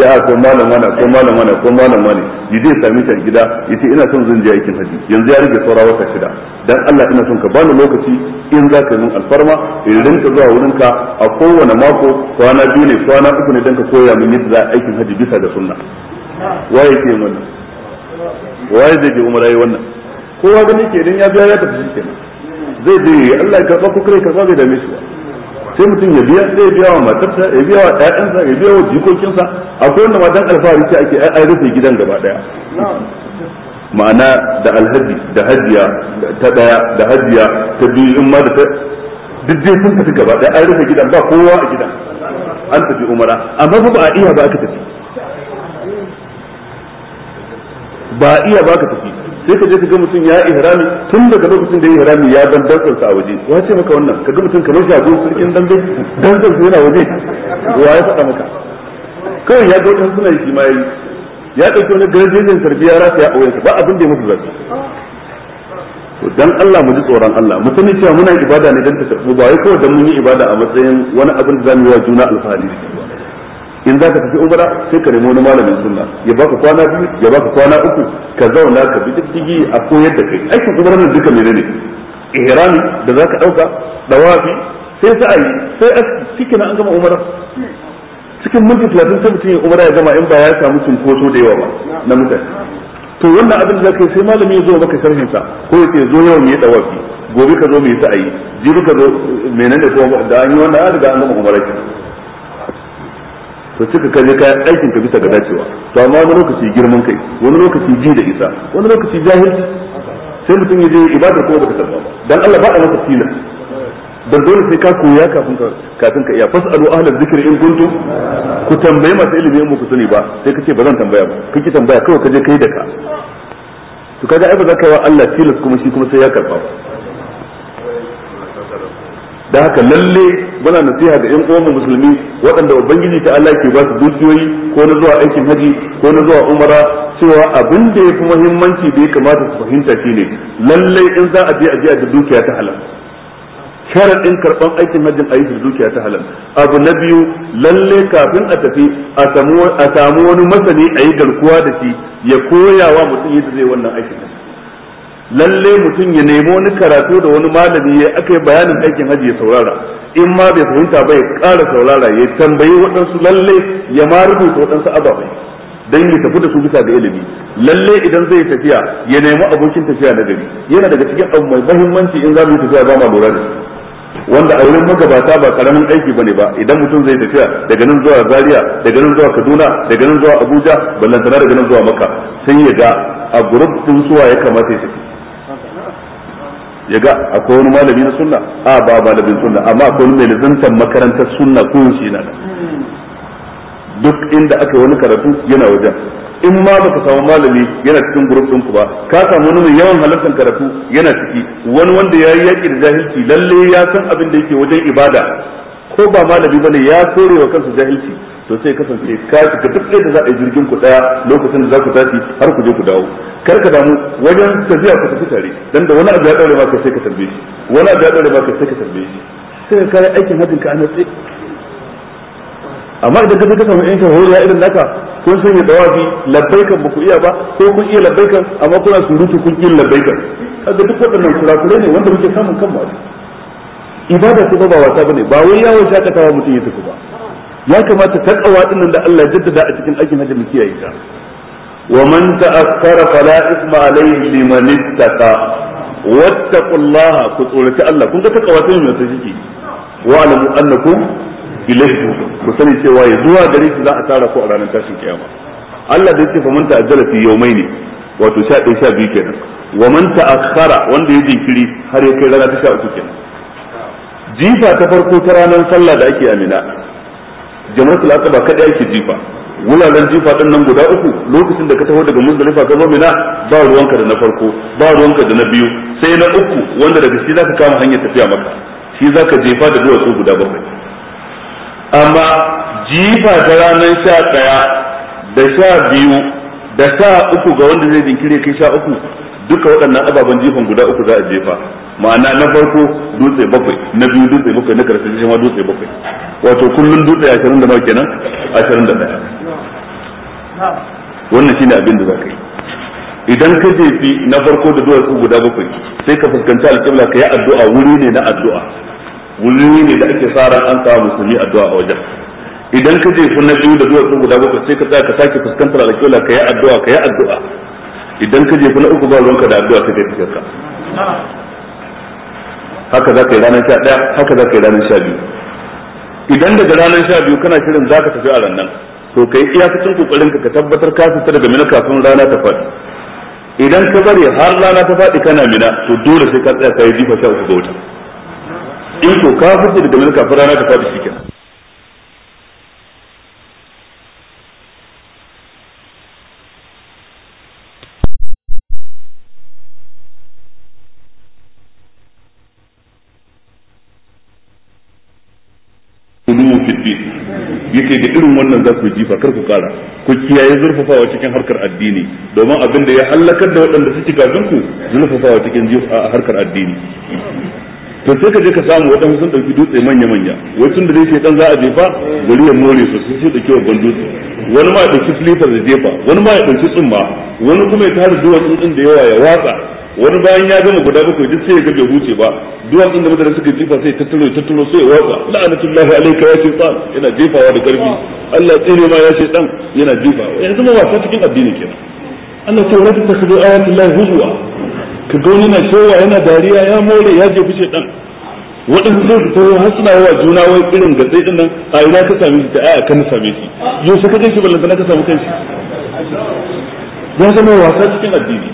sai a ko malam wani ko malam wani ko malam wani ji zai sami ta gida yace ina son zan je aikin haji yanzu ya rage saura wata shida dan Allah ina son ka bani lokaci in za ka yi min alfarma in rinka zuwa wurinka a kowane mako kwana biyu ne kwana uku ne don ka koya min yadda za a aikin hajji bisa ga sunna waye ke wannan waye zai je umara yi wannan kowa gani ke idan ya biya ya tafi kenan zai je Allah ya karba ku kare karba bai dame shi ba sai mutum ya biya zai biya wa matarsa ya biya wa ƴaƴansa ya biya wa jikokinsa akwai wanda dan alfahari ce ake ai rufe gidan gaba daya ma'ana da alhaji da hajiya ta daya da hajiya ta biyu in ma da duk dai sun tafi gaba da an rufe gidan ba kowa a gidan an tafi umara amma fa ba a iya ba aka tafi ba a iya ba aka tafi sai ka je ka ga mutum ya ihrami tun daga lokacin da ya ihrami ya dan dantsan sa a waje wa ce maka wannan ka ga mutum kamar shago sarkin dambe dantsan sa yana waje wa ya faɗa maka kawai ya ga wani suna shi ma yayi ya dauki wani garjejin sarbi ya rasa ya ba abin da ya mutu zafi dan Allah mu ji tsoron Allah mu sani cewa muna ibada ne dan ta Mu ba wai kawai dan mun yi ibada a matsayin wani abin da zamu yi wa juna alfahari in za ka tafi umra sai ka nemi wani malamin sunna ya baka kwana biyu ya baka kwana uku ka zauna ka bi diddigi a koyar da kai aikin umra nan duka menene ihrami da zaka dauka dawafi sai sa'ayi sai a cikin an gama umra cikin minti 30 sai mutum ya umra ya gama in ba ya samu cinkoso da yawa ba na mutane to wannan abin da kai sai malami ya zo maka sharhin sa ko ya ce zo yau mu yi dawafi gobe ka zo mu yi ayi jibi ka zo menene ko da an yi wannan an riga an gama umara ki to cika kaje ka aikin ka bisa ga dacewa to amma wani lokaci girman kai wani lokaci ji da isa wani lokaci jahilci sai mutum ya je ibada ko baka tabba dan Allah ba a masa tilas dan dole sai ka koya kafin ka kafin ka iya fasalu ahlal zikri in kuntum ku tambaye masu ilimi mu ku sani ba sai kace ba zan tambaya ba kike tambaya kawai ka kai da ka to kaga ai ba za ka yi wa Allah tilas kuma shi kuma sai ya karba da haka lalle muna nasiha ga yan uwan musulmi waɗanda ubangiji ta Allah ke ba su dukiyoyi ko na zuwa aikin haji ko na zuwa umara cewa abin da ya fi muhimmanci da ya kamata su fahimta shine lalle in za a je a je a dukiya ta halal ɗin karban aikin hajjin a yi dukiya ta halal abu na biyu lalle kafin a tafi a samu wani masani a yi garkuwa da shi ya koya wa mutum yadda zai wannan aikin lalle mutum ya nemi wani karatu da wani malami ya aka yi bayanin aikin hajji ya saurara in ma bai fahimta ba ya ƙara saurara ya tambayi waɗansu lalle ya ma rubuta waɗansu ababai dan ya tafi da su bisa ga ilimi lalle idan zai tafiya ya nemi abokin tafiya na gari yana daga cikin abu mai muhimmanci in za mu yi tafiya ba ma lura da wanda a wurin magabata ba karamin aiki bane ba idan mutum zai tafiya daga nan zuwa Zaria daga nan zuwa Kaduna daga nan zuwa Abuja ballantana daga nan zuwa Makka sai ya ga a group din suwa ya kamata ya tafi ya ga akwai wani malami na sunna a ba malamin sunna amma akwai wani mai lizantar makarantar sunna ko shi na duk inda aka wani karatu yana wajen in ma baka samu malami yana cikin gurup din ku ba ka samu wani mai yawan halartar karatu yana ciki wani wanda ya yi yaƙi da jahilci lalle ya san abin da yake wajen ibada ko ba malami bane ya kore wa kansa jahilci to sai kasance ka shiga duk da za a yi jirgin ku daya lokacin da za ku tafi har ku je ku dawo kar ka damu wajen tafiya ku tafi tare dan da wani abu ya daure kai sai ka tarbe shi wani abu ya daure kai sai ka tarbe shi sai ka kare aikin hajjin ka a tsaye amma idan ka ka samu yan shahuriya irin naka kun sanya tsawafi labbaikan ba ku iya ba ko kun iya labbaikan amma kuna surutu kun iya labbaikan kaga duk waɗannan kurakurai ne wanda muke samun kan ba ibada ce ba wasa bane ba wai yawon shakatawa mutum ya tafi ba ya kamata ta takawa din da Allah ya jaddada a cikin aikin hajji mu kiyaye ta wa man ta'akkara fala isma alayhi liman ittaqa wattaqullaha ku tsorata Allah kun ga takawa sai mai tsaki wa alamu annakum ilaihi ku sani cewa ya zuwa gare shi za a tara ku a ranar tashin kiyama Allah da yake famanta ta'azzara fi yawmaini wato sha sha biyu kenan wa man ta'akhkhara wanda ya jinkiri har ya kai rana ta sha uku kenan jifa ta farko ta ranar sallah da ake amina jama'atul ba kada yake jifa wuraren jifa din nan guda uku lokacin da ka taho daga muzdalifa ka zo mina ba ruwanka da na farko ba ruwanka da na biyu sai na uku wanda daga shi zaka kama hanyar tafiya maka shi zaka jefa da duwatsu guda bakwai amma jifa ta ranar sha ɗaya da sha biyu da sha uku ga wanda zai jinkiri kai sha uku duka waɗannan ababen jifan guda uku za a jefa ma'ana na farko dutse bakwai na biyu dutse bakwai na karshe shi ma dutse bakwai wato kullum dutse ashirin da ma kenan ashirin da ɗaya wannan shine abin da za ka yi idan ka jefi na farko da duwatsu guda bakwai sai ka fuskanci alƙibla ka yi addu'a wuri ne na addu'a wuri ne da ake sa ran an kawo musulmi addu'a a wajen idan ka je na biyu da duwatsu guda bakwai sai ka tsaya ka sake fuskantar alƙawla ka yi addu'a ka yi addu'a idan ka je na uku ba ruwanka da addu'a ka kai ka haka za ka yi ranar sha ɗaya haka za ka yi ranar sha biyu idan daga ranar sha biyu kana shirin za ka tafi a nan to ka yi iyakacin kokarin ka tabbatar ka fita daga mina kafin rana ta faɗi idan ka bari har rana ta faɗi kana mina to dole sai ka tsaya ka yi jifa sha uku ga wuta. in ko ka fice daga mulka rana ka fadi shi kenan yake da irin wannan za ku jifa kar ku kara ku kiyaye zurfafawa cikin harkar addini domin abin da ya halakar da waɗanda suke kafin ku zurfafawa cikin harkar addini to sai ka je ka samu wadanda sun dauki dutse manya manya wai tun da zai shedan za a jefa gari ya more su sun sai dauki babban dutse wani ma ya dauki flipper da jefa wani ma ya dauki tsumma wani kuma ya tara duwatsun din da yawa ya watsa wani bayan ya gama guda bakwai duk sai ya ga bai huce ba din da mutane suka jefa sai tattaro tattaro sai ya watsa la'anatullahi alayka ya tsan yana jefawa da karfi Allah tsere ma ya dan yana jefawa yanzu ma wasa cikin addini kenan Allah ta wata ta kudu ayatul lahi ka goni na kowa yana dariya ya more ya je bishe dan waɗansu zai fito har suna yawa juna wai irin ga sai dinnan a ina ka same shi ta aya kan same shi yau sai ka ganshi ballanta ka samu kanshi ya zama wasa cikin addini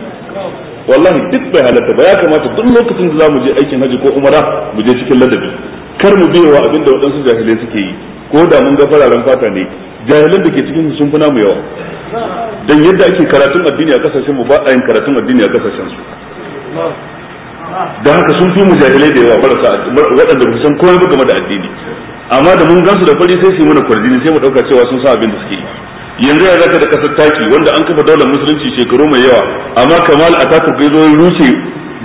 wallahi duk bai halatta ba ya kamata duk lokacin da zamu je aikin haji ko umara mu je cikin ladabi kar mu biyewa abinda waɗansu jahilai suke yi ko da mun ga fararen fata ne jahilan da ke cikin sun fi namu yawa dan yadda ake karatun addini a kasashen mu ba a yin karatun addini a kasashen su da haka sun fi mujahilai da yawa barasa waɗanda ba san ba game da addini amma da mun gansu da fari sai su yi mana kwarjini sai mu ɗauka cewa sun sa abin da suke yi yanzu ya zaka da kasar taki wanda an kafa daular musulunci shekaru mai yawa amma kamal a taka zo rushe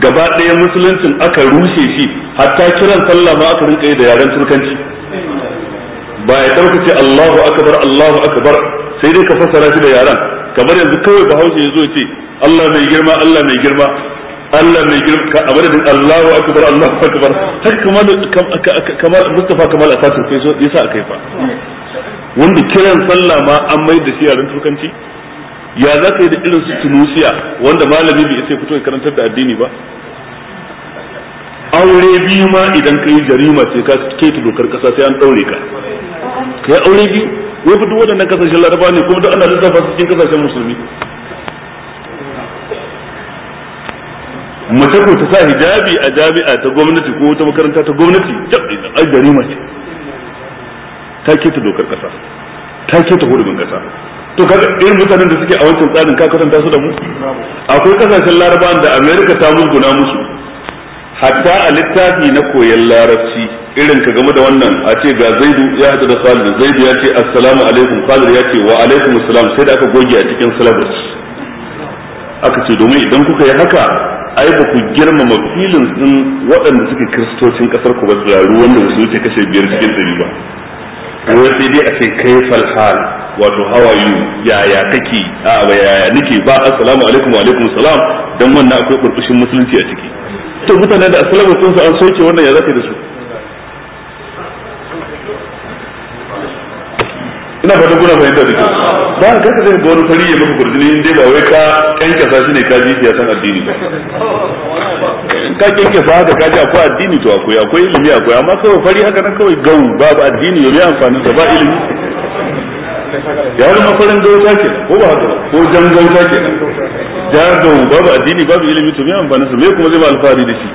gaba ɗaya musuluncin aka rushe shi hatta kiran sallah ma aka rinka yi da yaren turkanci ba ya ɗauka ce Allahu akbar Allahu akbar sai dai ka fassara shi da yaren kamar yanzu kawai bahaushe ya zo ya ce Allah mai girma Allah mai girma Allah mai girma a madadin Allahu akbar wa akbar har kamar kamar Mustafa kamar kai so yasa akai fa wanda kiran sallah ma an mai da shi a turkanci ya za ka yi da irin su Tunusiya wanda malami bai sai fito ya karantar da addini ba aure biyu ma idan ka yi jarima ce ka keta dokar kasa sai an daure ka kai aure biyu wai fito duk kasashen laraba ne kuma duk ana lissafa su cikin kasashen musulmi mace ko ta sa hijabi a jami'a ta gwamnati ko ta makaranta ta gwamnati ai gari mace ta keta dokar kasa ta keta hudumin kasa to kaga irin mutanen da suke a wancan tsarin ka kasanta su da mu akwai kasashen larabawan da america ta musguna musu hatta a littafi na koyon larabci irin ka game da wannan a ce ga zaidu ya haɗu da khalid zaidu ya ce assalamu alaikum khalid ya ce wa alaikum assalam sai da aka goge a cikin salabus aka ce domin idan kuka yi haka ai ba ku girmama filin din waɗanda suke kristocin kasar ku ba tsaro wanda su ce kashe biyar cikin ɗari ba wai sai dai a ce kai falhal wato Yu. yaya kake a yaya nake ba assalamu alaikum wa alaikum salam dan wannan akwai burbushin musulunci a ciki to mutane da assalamu sun an soke wannan ya zaka da su ina fata kuna fahimta da kyau ba ka kasa zai ga wani fari ya maka kurjini in dai ba wai ka kyankyasa shi ne ka ji shi san addini ba ka kyankyasa haka ka ji akwai addini to akwai akwai ilimi akwai amma kawai fari haka nan kawai gau ba addini yau ne amfani da ba ilimi ya wani mafarin gauta ke ko ba haka ko jan gauta ke jan gau ba addini ba ba ilimi to me amfani su me kuma zai ba alfahari da shi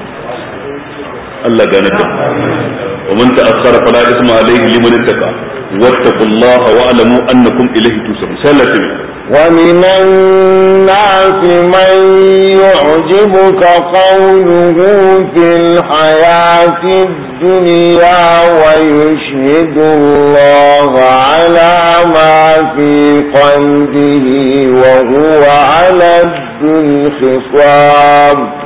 الله gane ومن تأخر فلا إثم عليه لمن اتقى واتقوا الله واعلموا أنكم إليه تسرون سلسل ومن الناس من يعجبك قوله في الحياة الدنيا ويشهد الله على ما في قلبه وهو على الدنيا خصام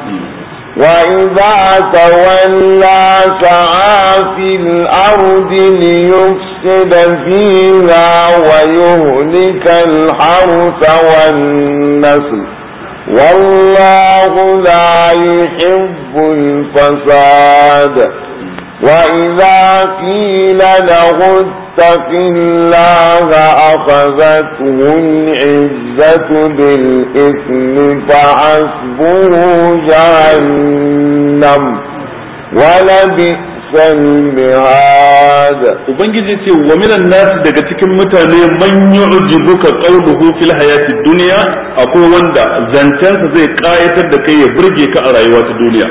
وإذا تولى سعى في الأرض ليفسد فيها ويهلك الحرث والنسل والله لا يحب الفساد وإذا قيل له اتق الله أخذته العزة بالإثم فحسبه جهنم ولبئس المهاد وبنجي ce wa minan nas daga cikin mutane man yu'jibuka qawluhu fil hayati dunya akwai wanda zancensa zai ƙayatar da kai ya burge ka a rayuwa ta duniya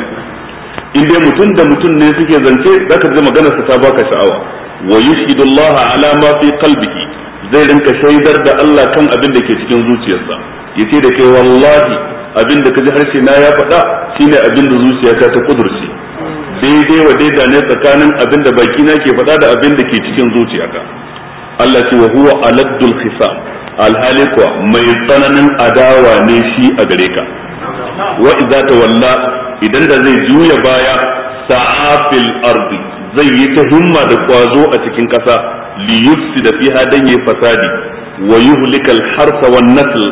in dai mutum da mutum ne suke zance zaka ji maganar sa ta baka sha'awa wa yushidu Allah ala ma fi qalbihi zai rinka shaidar da Allah kan abin da ke cikin zuciyarsa yace da kai wallahi abin da kaji harshe na ya faɗa shine abin da zuciyata ta kudurci daidai wa daida ne tsakanin abin da baki na ke faɗa da abin da ke cikin zuciyarka Allah ce wa huwa aladdul hisab alhali kuwa mai tsananin adawa ne shi a gare ka wa idza tawalla idan da zai juya baya sa'afil ardi zai yi ta himma da kwazo a cikin kasa li yufsida fiha dan yayi fasadi wa yuhlika al-harsa wan nasl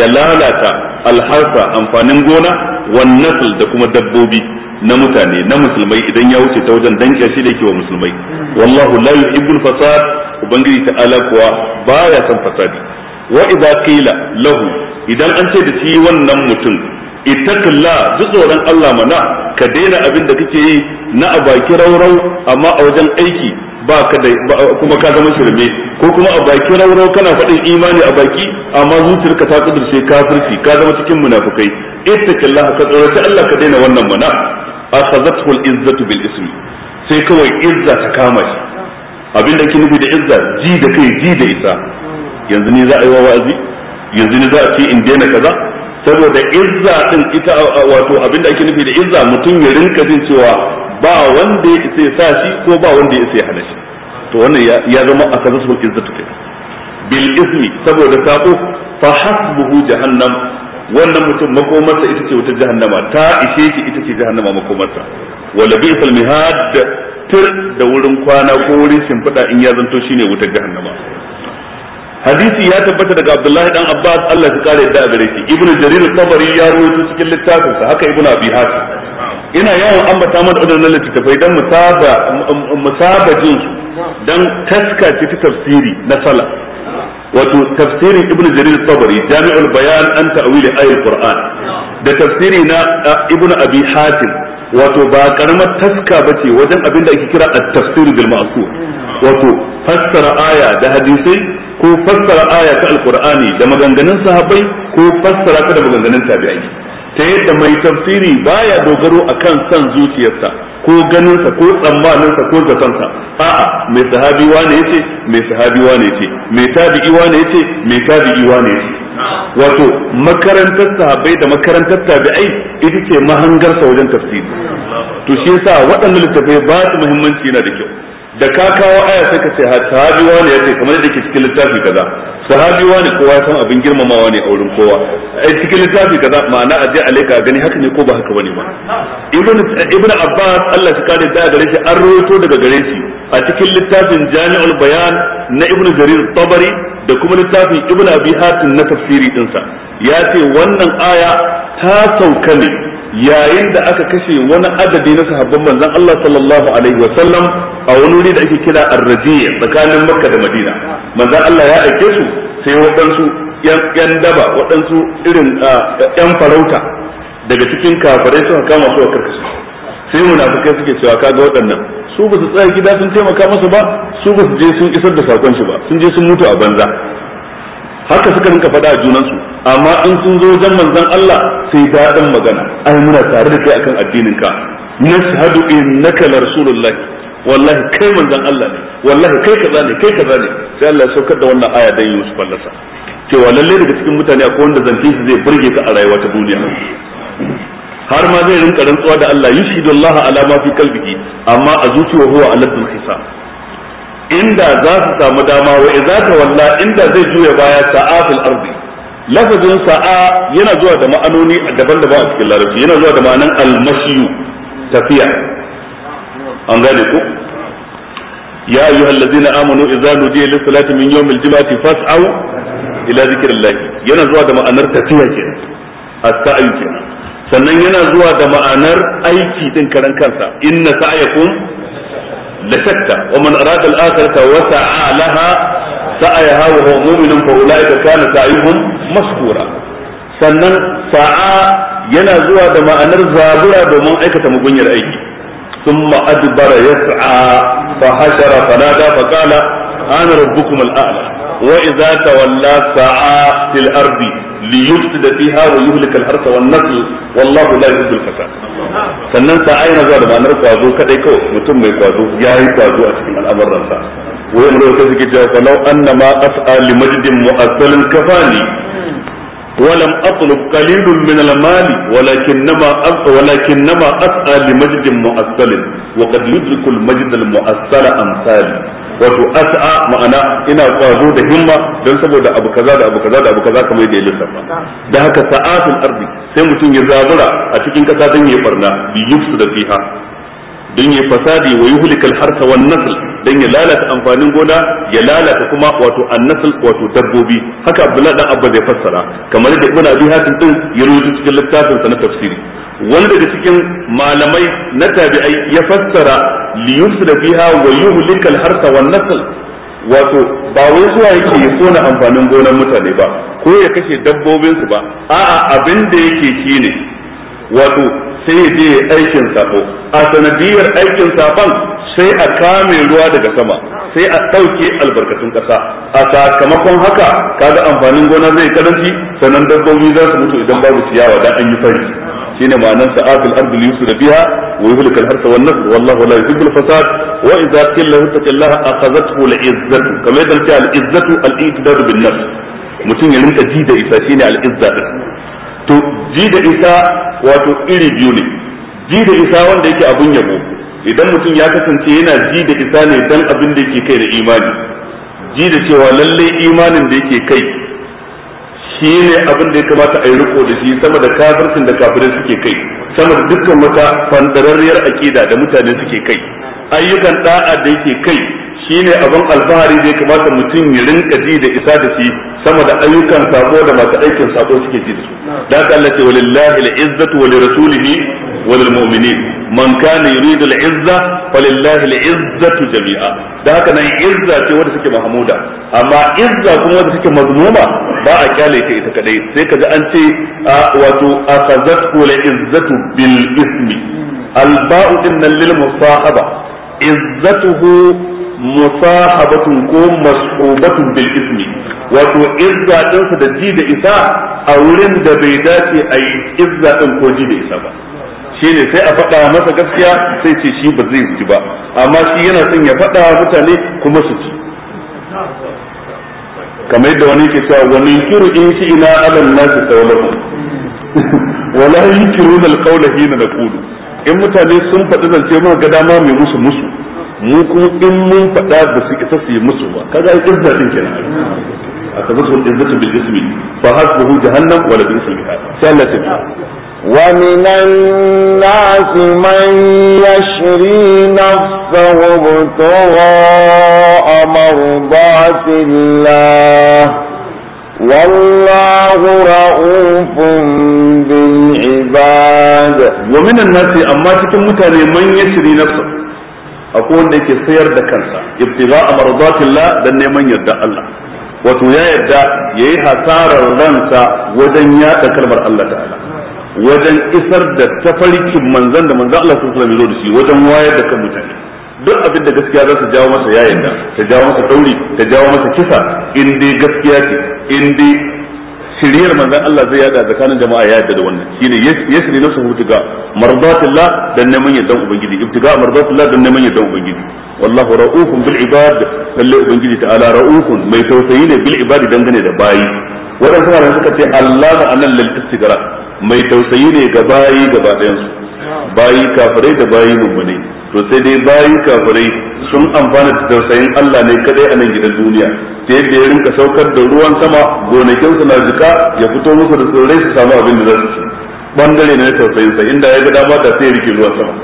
ya lalata al-harsa amfanin gona wan nasl da kuma dabbobi na mutane na musulmai idan ya wuce ta wajen dan shi da yake wa musulmai wallahu la yuhibbul fasad ubangiji ta'ala kuwa baya son fasadi wa idza qila lahu idan an ce da shi wannan mutum ittaqilla duk tsoron Allah mana ka daina abin da kake yi na a baki raurau amma a wajen aiki ba ka da kuma ka zama shirme ko kuma a baki raurau kana faɗin imani a baki amma zuciyarka ta kudurce kafirci ka zama cikin munafukai ittaqilla ka tsoraci Allah ka daina wannan mana akhazathu al-izzatu bil ismi sai kawai izza ta kama shi abin da ke nufi da izza ji da kai ji da isa yanzu ni za a yi wa wa'azi yanzu ni za a ce in daina kaza saboda izza din ita wato abin da ake nufi da izza mutum ya rinka jin cewa ba wanda ya isa ya sa shi ko ba wanda ya isa ya hana shi to wannan ya zama a asalusul izza take bil ismi saboda sako fa hasbuhu jahannam wannan mutum makomarsa ita ce wata jahannama ta ishe ki ita ce jahannama makomarsa wala bi'sal mihad tir da wurin kwana ko wurin shimfiɗa in ya zanto shine wutar jahannama hadisi ya tabbata daga Abdullahi dan Abbas Allah ya kare da gare shi Ibn Jarir al-Tabari ya rawaito cikin littafin sa haka Ibn Abi Hatim ina yawan ambata mana wadannan littafai dan musaba musabajin dan taska ce ta tafsiri na sala wato tafsirin Ibn Jarir al-Tabari Jami'ul Bayan an ta'wili ayatul Qur'an da tafsiri na Ibn Abi Hatim wato ba karamar taska ba ce wajen abin da ake kira a tafsir bil ma'qul wato fassara aya da hadisai ko fassara aya ta alkur'ani da maganganun sahabbai ko fassara ta da maganganun tabi'ai ta yadda mai tafsiri baya dogaro akan san zuciyarsa ko ganinsa ko tsammaninsa ko zatonsa a'a mai sahabi wane yace mai sahabi wane yace mai tabi'i wane yace mai tabi'i wane yace wato makarantar sahabbai da makarantar tabi'ai ita ce mahangarsa wajen tafsiri to shi yasa waɗannan littafai ba su muhimmanci yana da kyau da ka kawo aya sai ka ce sahabiwa ne yace kamar yadda ke cikin littafi kaza sahabiwa ne kowa san abin girmamawa ne a wurin kowa a eh, cikin littafi kaza ma'ana a je a leka gani haka ne ko ba haka bane ba ibn ibn abbas Allah shi kare da gare shi an rawaito daga gare shi a cikin littafin jami'ul bayan na ibn jarir tabari da kuma littafin ibn abi hatim na tafsiri dinsa ya ce wannan aya ta sauka ne yayin da aka kashe wani adadi na sahabban manzon Allah sallallahu alaihi wa sallam a wani wuri da ake kira ar tsakanin Makka da Madina manzon Allah ya aike su sai waɗansu yan daba waɗansu irin yan farauta daga cikin kafirai suka kama su a karkashin sai munafikai suke cewa kaga waɗannan su ba su tsaya gida sun taimaka masa ba su ba su je sun isar da sakon shi ba sun je sun mutu a banza haka suka rinka faɗa a junansu amma in sun zo wajen manzon Allah sai daɗin magana ai muna tare da kai akan addinin ka nashhadu innaka la rasulullahi wallahi kai manzon Allah ne wallahi kai kaza ne kai kaza ne sai Allah ya saukar da wannan aya dan Yusuf fallasa cewa lalle daga cikin mutane akwai wanda zance shi zai burge ka a rayuwa ta duniya har ma zai rinka rantsuwa da Allah yushhidu Allah ala ma fi qalbihi amma a zuciya huwa aladdul hisab inda za su samu dama wa ta walla inda zai juya baya sa'a fil ardi lafazin sa'a yana zuwa da ma'anoni daban-daban a cikin larabci yana zuwa da ma'anan almashiyu tafiya an gane ko ya ayyuha allazina amanu idza nudiya lis salati min yawmil jum'ati fas'au ila zikrillah yana zuwa da ma'anar tafiya kenan as-sa'yu kenan sannan yana zuwa da ma'anar aiki din karan kansa inna sa'yakum لشتى ومن أراد الآخرة وسعى لها سعيها وهو مؤمن فأولئك كان سعيهم مشكورا sannan sa'a yana zuwa da ma'anar zabura domin aikata mugunyar aiki thumma adbara yas'a fa hashara fanada fa qala ana rabbukum al'ala wa tawalla sa'a fil ardi fiha wa yuhlika al wan nasl wallahu la yuhibbu al-fasad sannan sa'a yana zuwa da ma'anar kwazo kadai kawai mutum mai kwazo ya yi kwazo a cikin al'amuransa wayan da wata suke cewa anna annama as'a li majdin mu'assalin kafani ولم أطلب قليل من المال ولكنما ولكنما أسعى لمجد مؤصل وقد يدرك المجد المؤصل أمثالي wato as'a ma'ana ina kwazo da himma don saboda abu kaza da abu kaza da abu kaza kamar yadda ya lissafa da haka sa'atul ardi sai mutum ya zabura a cikin kasa don yayi barna bi yufsu da fiha don ya fasadi wa yuhlikal harsa wan nasl don ya lalata amfanin gona ya lalata kuma wato annasl wato dabbobi haka abdullahi dan abba zai fassara kamar da ibnu abi hatim din ya rubuta cikin littafin sa na tafsiri wani daga cikin malamai na tabi'ai ya fassara liyufsida fiha wa yuhlika al-harsa wan nasl wato ba wai zuwa yake ya kona amfanin gonar mutane ba ko ya kashe dabbobin su ba a'a abin da yake shine wato sai ya je aikin sako a sanadiyar aikin safan sai a kame ruwa daga sama sai a ɗauke albarkatun ƙasa a sakamakon haka kaga amfanin gona zai karanci sannan dabbobi za su mutu idan babu ciyawa dan an yi fari shine ma'anar sa'atul ardu yusra biha wa yuhliku al-harsa wan nasl wallahu la yuhibbu al-fasad wa idza qilla ittaqillaha akhadhathu al-izzatu kamar yadda ta al-izzatu al-iqdar bin nafs mutum ya rinka ji da isa shine al-izza to ji da isa wato iri biyu ne ji da isa wanda yake abun yabo idan mutum ya kasance yana ji da isa ne dan abin da yake kai da imani ji da cewa lalle imanin da yake kai shi ne abin da ya kamata a yi riko da shi sama da kafircin da kafirin suke kai sama da dukkan wata fandararriyar aƙida da mutane suke kai ayyukan da'a da yake kai shine abin alfahari da ya kamata mutum ya rinka ji da isa da shi sama da ayyukan sako da masu aikin sako suke ji da su da haka Allah ce walillahi al-izzatu wa lirasulihi wa lilmu'minin man kana yuridu al-izza falillahi al-izzatu jami'a da haka nan izza ce wanda suke mahmuda amma izza kuma wanda suke mazmuma ba a kyale ta ita kadai sai kaji an ce wato akhazatku al-izzatu bil ismi al-ba'u din lil musahaba izzatuhu musahabatun ko mas'ubatun bil ismi wato izza ɗinsa da ji da isa a wurin da bai dace a yi izza ɗin ko ji da isa ba shi ne sai a faɗa masa gaskiya sai ce shi ba zai ji ba amma shi yana son ya faɗa mutane kuma su ji kamar yadda wani ke cewa wani kiru in shi ina na nasu saulahu <laughs> wala yukiruna alqawla hina naqulu in mutane sun faɗi zance ma ga dama mai musu musu mu kuma in mun faɗa da su isa su yi musu ba kaga ai izza din kenan su akabatul izzatu bil ismi fa hasbuhu jahannam wa la bi'sal mihad sai Allah ta ومن الناس من يشري نفسه ابتغاء مرضات الله والله رؤوف بالعباد ومن الناس أما تكون متى من يشري نفسه akwai wanda yake sayar da kansa ibtiza'a mardatillah dan neman yarda Allah wato ya yarda yayi hasarar ransa wajen yada kalmar Allah ta'ala wajen isar da tafarkin manzon da manzon Allah sallallahu alaihi wasallam da shi wajen wayar da kan mutane duk abin da gaskiya za su jawo masa ya da ta jawo masa tauri ta jawo masa kisa in dai gaskiya ce in dai shiriyar manzon Allah zai yada tsakanin jama'a ya yadda da wannan shine yasri nafsu ibtiga mardatillah dan neman yardan ubangiji ibtiga mardatillah dan neman yardan ubangiji wallahu raufun bil ibad lalle ubangiji ta'ala raufun mai tausayi ne bil ibad dangane da bayi wadansu malamai suka ce Allah da anan lil istigara mai tausayi ne ga bayi gaba ɗayan su bayi kafirai da bayi mummunai to sai dai bayi kafirai sun amfana da tausayin Allah ne kadai a nan gidan duniya ta yadda ya rinka saukar da ruwan sama gonakin su na jika ya fito musu da tsirrai su samu abin da zasu ci bangare ne na tausayin sa inda ya ga dama da sai ya rike ruwan sama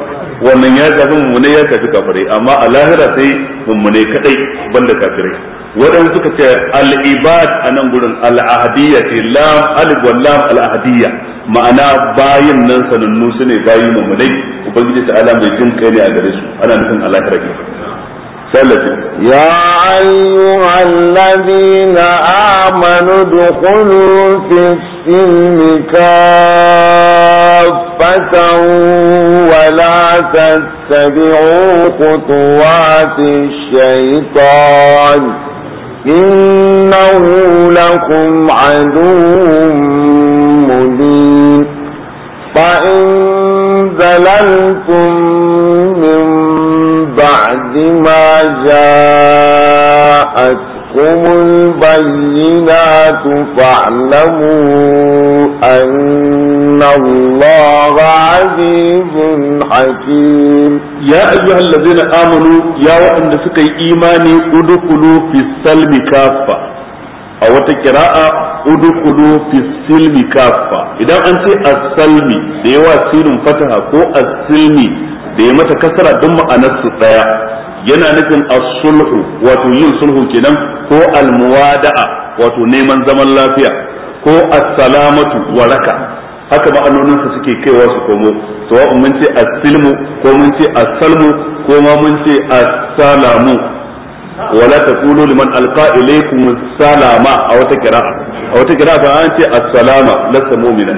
wannan ya shafi mummune ya shafi kafirai amma a lahira sai mummune kadai banda kafirai waɗansu suka ce al-ibad anan gurin al-ahdiyya ce lam alif wal lam al ma'ana bayin nan sanannu sune bayi mummune ubangiji ta ala mai jin kai ne a gare su ana nufin a lahira يا أيها الذين آمنوا ادخلوا في السلم كافة ولا تتبعوا خطوات الشيطان إنه لكم عدو مبين فإن زللتم من بعد ما جاءتكم البينات فاعلموا أن الله عزيز حكيم يا أيها الذين آمنوا يا وأن سكي إيماني ادخلوا في السلم كافة أو تكراء udkhulu fi silmi kaffa idan an ce as-salmi da yawa silmin fataha ko as-silmi da ya mata kasara don ma'anar su daya yana nufin as-sulhu wato yin sulhu kenan ko al-muwada'a wato neman zaman lafiya ko as-salamatu waraka haka ma'anonin su suke kaiwa su komo to mun ce as-silmu ko mun ce as-salmu ko ma mun ce as-salamu wala taqulu liman alqa ilaykum salama a wata qira'a a wata qira'a an ce assalama lasta mu'mina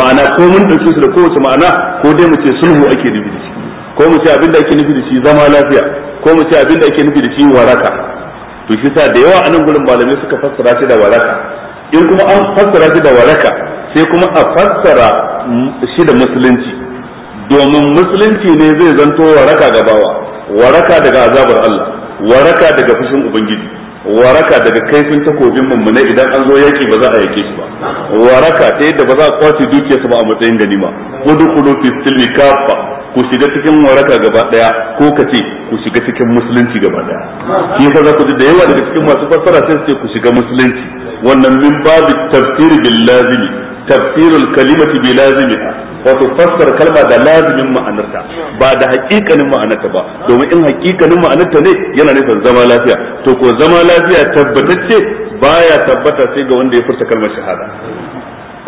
ma'ana ko mun dauke su da kowace ma'ana ko dai mu ce sulhu ake nufi da shi ko mu ce abinda ake nufi da shi zama lafiya ko mu ce abinda ake nufi da shi waraka to shi sa da yawa anan gurin malamai suka fassara shi da waraka in kuma an fassara shi da waraka sai kuma a fassara shi da musulunci domin musulunci ne zai zanto waraka ga bawa waraka daga azabar Allah waraka daga fushin ubangiji waraka daga kaifin takobin mummune idan an zo yaki ba za a yake shi ba waraka ta yadda ba za a kwace su ba a matsayin ganima kudu fi silmi kafa ku shiga cikin waraka gaba daya ko ka ce ku shiga cikin musulunci gaba daya shi yasa za ku ji da yawa daga cikin masu fassara sai su ce ku shiga musulunci wannan min babu tafsir bil lazimi tafsirul kalimati bi wato fassar kalma da lazimin ma'anarta ba da hakikanin ma'anarta ba domin in hakikanin ma'anarta ne yana nufin zama lafiya to ko zama lafiya tabbatacce baya tabbata sai ga wanda ya furta kalmar shahada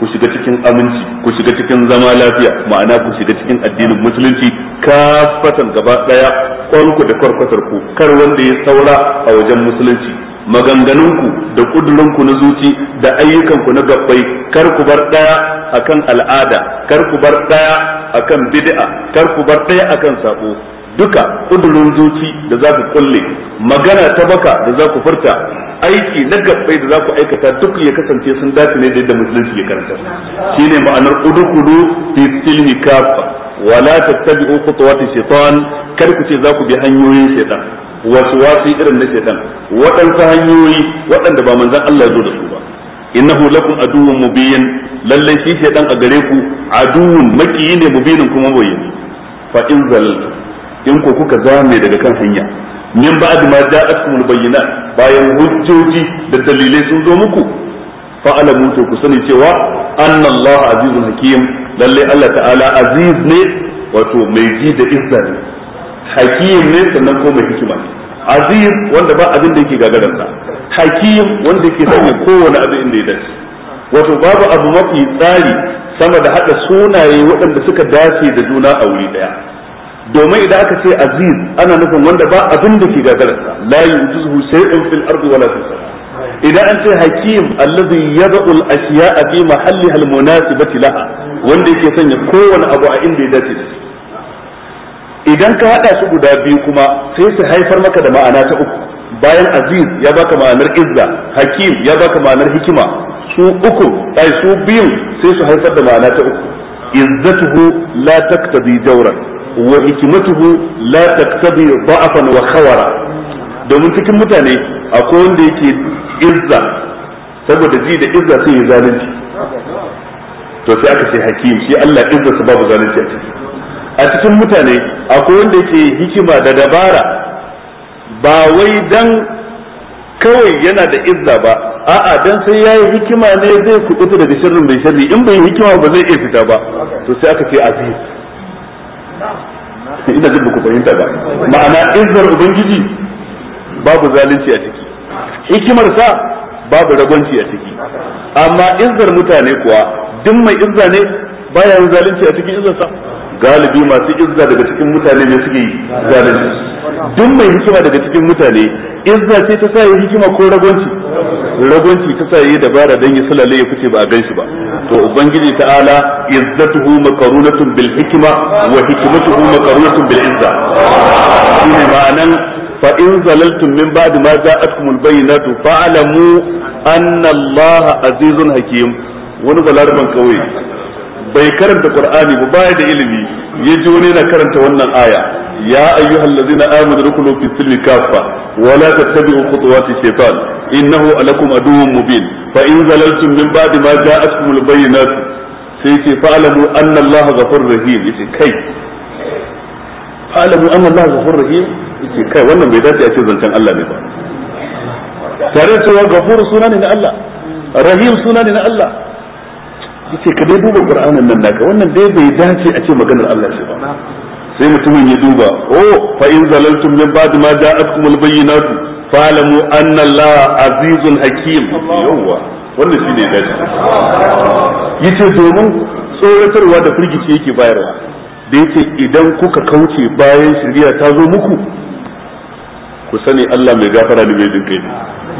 ku shiga cikin aminci ku shiga cikin zama lafiya ma'ana ku shiga cikin addinin musulunci kafatan gaba daya kwanku da kwarkwatar ku kar wanda ya saura a wajen musulunci maganganunku da kudurinku na zuci da ayyukanku na gabbai kar ku bar daya akan al'ada kar ku bar daya akan bid'a kar ku bar daya akan sabo duka kudurin zuci da za ku kulle magana ta baka da za ku furta aiki na gabbai da za ku aikata duk ya kasance sun dace ne da musulunci ya karanta ne ma'anar kudu-kudu fi silmi kafa wala tattabi'u khutuwati shaitan kar ku ce za ku bi hanyoyin shaitan wasu wasu irin na shaitan waɗansu hanyoyi waɗanda ba manzan Allah zo da su ba innahu lakum aduwwun mubin lalle shi shaitan a gare ku aduwwun makiyi ne mubinin kuma bayyana fa in zalaltum in ko kuka zame daga kan hanya min ba'd ma ja'akumul bayyinat bayan hujjoji da dalilai sun zo muku fa alamu to ku sani cewa annallaha azizun hakim lalle Allah ta'ala aziz ne wato mai ji da izza ne hakim ne sannan ko mai hikima ne aziz wanda ba abin da yake gagaransa hakim wanda yake sanya kowane abin inda ya dace wato babu abu mafi tsari sama da hada sunaye waɗanda suka dace da juna a wuri daya domin idan aka ce aziz ana nufin wanda ba abin da ke gagararsa la yujuzuhu shay'un fil ardi wala fis sama idan an ce hakim allazi yad'u al-ashya'a fi mahalliha al-munasibati laha wanda yake sanya kowane abu a inda ya dace idan ka hada su guda biyu kuma sai su haifar maka da ma'ana ta uku bayan aziz ya baka ma'anar izza hakim ya baka ma'anar hikima su uku ai su biyu sai su haifar da ma'ana ta uku izzatuhu la taqtadi jawran wa hikmatuhu la taqtabi da'afan wa khawara domin cikin mutane akwai wanda yake izza saboda ji da izza sai ya zalunci to sai aka ce hakim shi Allah izza sa babu zalunci a ciki a cikin mutane akwai wanda yake hikima da dabara ba wai dan kawai yana da izza ba a'a dan sai yayi hikima ne zai kudu daga sharrin bai sharri in bai hikima ba zai iya fita ba to sai aka ce aziz ina duk ku fahimta ba ma'ana iznar ubangiji babu zalunci a ciki hikimar sa babu ragonci a ciki amma izzar mutane kuwa duk mai izza ne baya yin zalunci a cikin sa galibi masu izza daga cikin mutane ne suke galibi. duk mai hikima daga cikin mutane izza ce ta sa yi hikima ko ragonci ragonci ta sa yi dabara dan ya sulale ya fice ba a gan ba to ubangiji ta'ala izzatuhu makarunatun bil hikima, wa hikmatuhu makarunatun bil izza shine ma'anan fa in zalaltum min ba'd ma ja'atkum al bayyinatu fa'lamu anna allaha azizun hakim wani balaraban kawai. bai karanta qur'ani ba baya da ilimi ya ji wani yana karanta wannan aya ya ayyuhal ladzina amanu rukunu fi silmi kaffa wa la tattabi'u khutuwati shaytan innahu alakum aduwwun mubin fa in zalaltum min ba'di ma ja'atkum al-bayyinat sai ce fa'lamu anna allaha ghafurur rahim yace kai fa'lamu anna allaha ghafurur rahim yace kai wannan bai dace a ce zancen Allah ne ba tare da cewa ghafur suna ne na Allah rahim suna ne na Allah yace ka dai duba qur'anin nan naka wannan dai bai dace a ce maganar Allah ce ba sai mutumin ya duba oh fa in zalaltum min ba'd ma ja'atkum al-bayyinatu fa'lamu anna Allah azizun hakim yawa wannan shine dace yace domin tsoratarwa da firgici yake bayarwa da yace idan kuka kauce bayan shari'a ta zo muku ku sani Allah mai gafara ne mai jinkai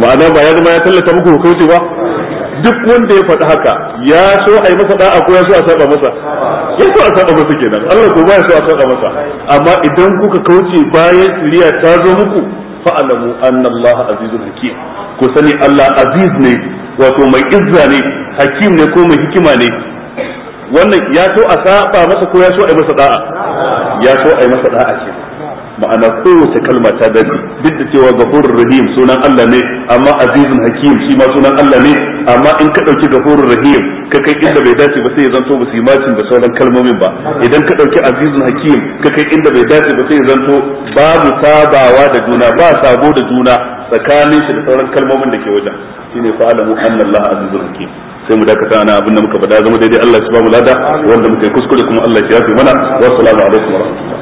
ma'ana ba ya zama ya tallata muku ku kauce ba duk wanda ya faɗi haka ya so a yi masa da'a ko ya so a saba masa ya so a saba masa kenan Allah ko baya so a saba masa amma idan kuka kauce bayan shiriya ta zo muku fa'alamu annallahu azizul hakim ko sani Allah aziz ne wato mai izza ne hakim ne ko mai hikima ne wannan ya so a saba masa ko ya so a yi masa da'a ya so a yi masa da'a kenan ma'ana kowace kalma ta dadi duk da cewa gafurur rahim sunan Allah ne amma azizun hakim shi ma sunan Allah ne amma in ka dauki gafurur rahim ka kai inda bai dace ba sai ya zanto ba su macin da sauran kalmomin ba idan ka dauki azizun hakim ka kai inda bai dace ba sai ya zanto babu sabawa da juna ba sabo da juna tsakanin shi da sauran kalmomin da ke wajen shine fa alamu anna Allah azizun hakim sai mu dakata ana abin da muka faɗa zama daidai Allah ya ba mu lada wanda muka yi kuskure kuma Allah ya yafe mana wa assalamu alaikum wa rahmatullahi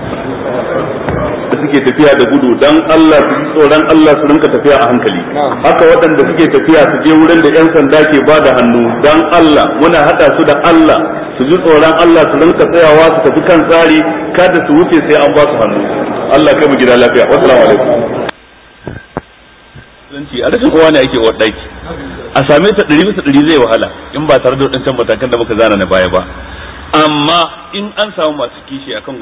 waɗanda suke tafiya da gudu dan Allah su tsoron Allah su rinka tafiya a hankali haka waɗanda suke tafiya su je wurin da ƴan sanda ke ba da hannu dan Allah muna hada su da Allah su ji tsoron Allah su rinka tsayawa su tafi kan tsari kada su wuce sai an ba su hannu Allah kai mu gida lafiya wassalamu alaikum a rashin kowa ne ake daki a same ta ɗari bisa ɗari zai wahala in ba tare da waɗancan matakan da muka zana na baya ba amma in an samu masu kishi akan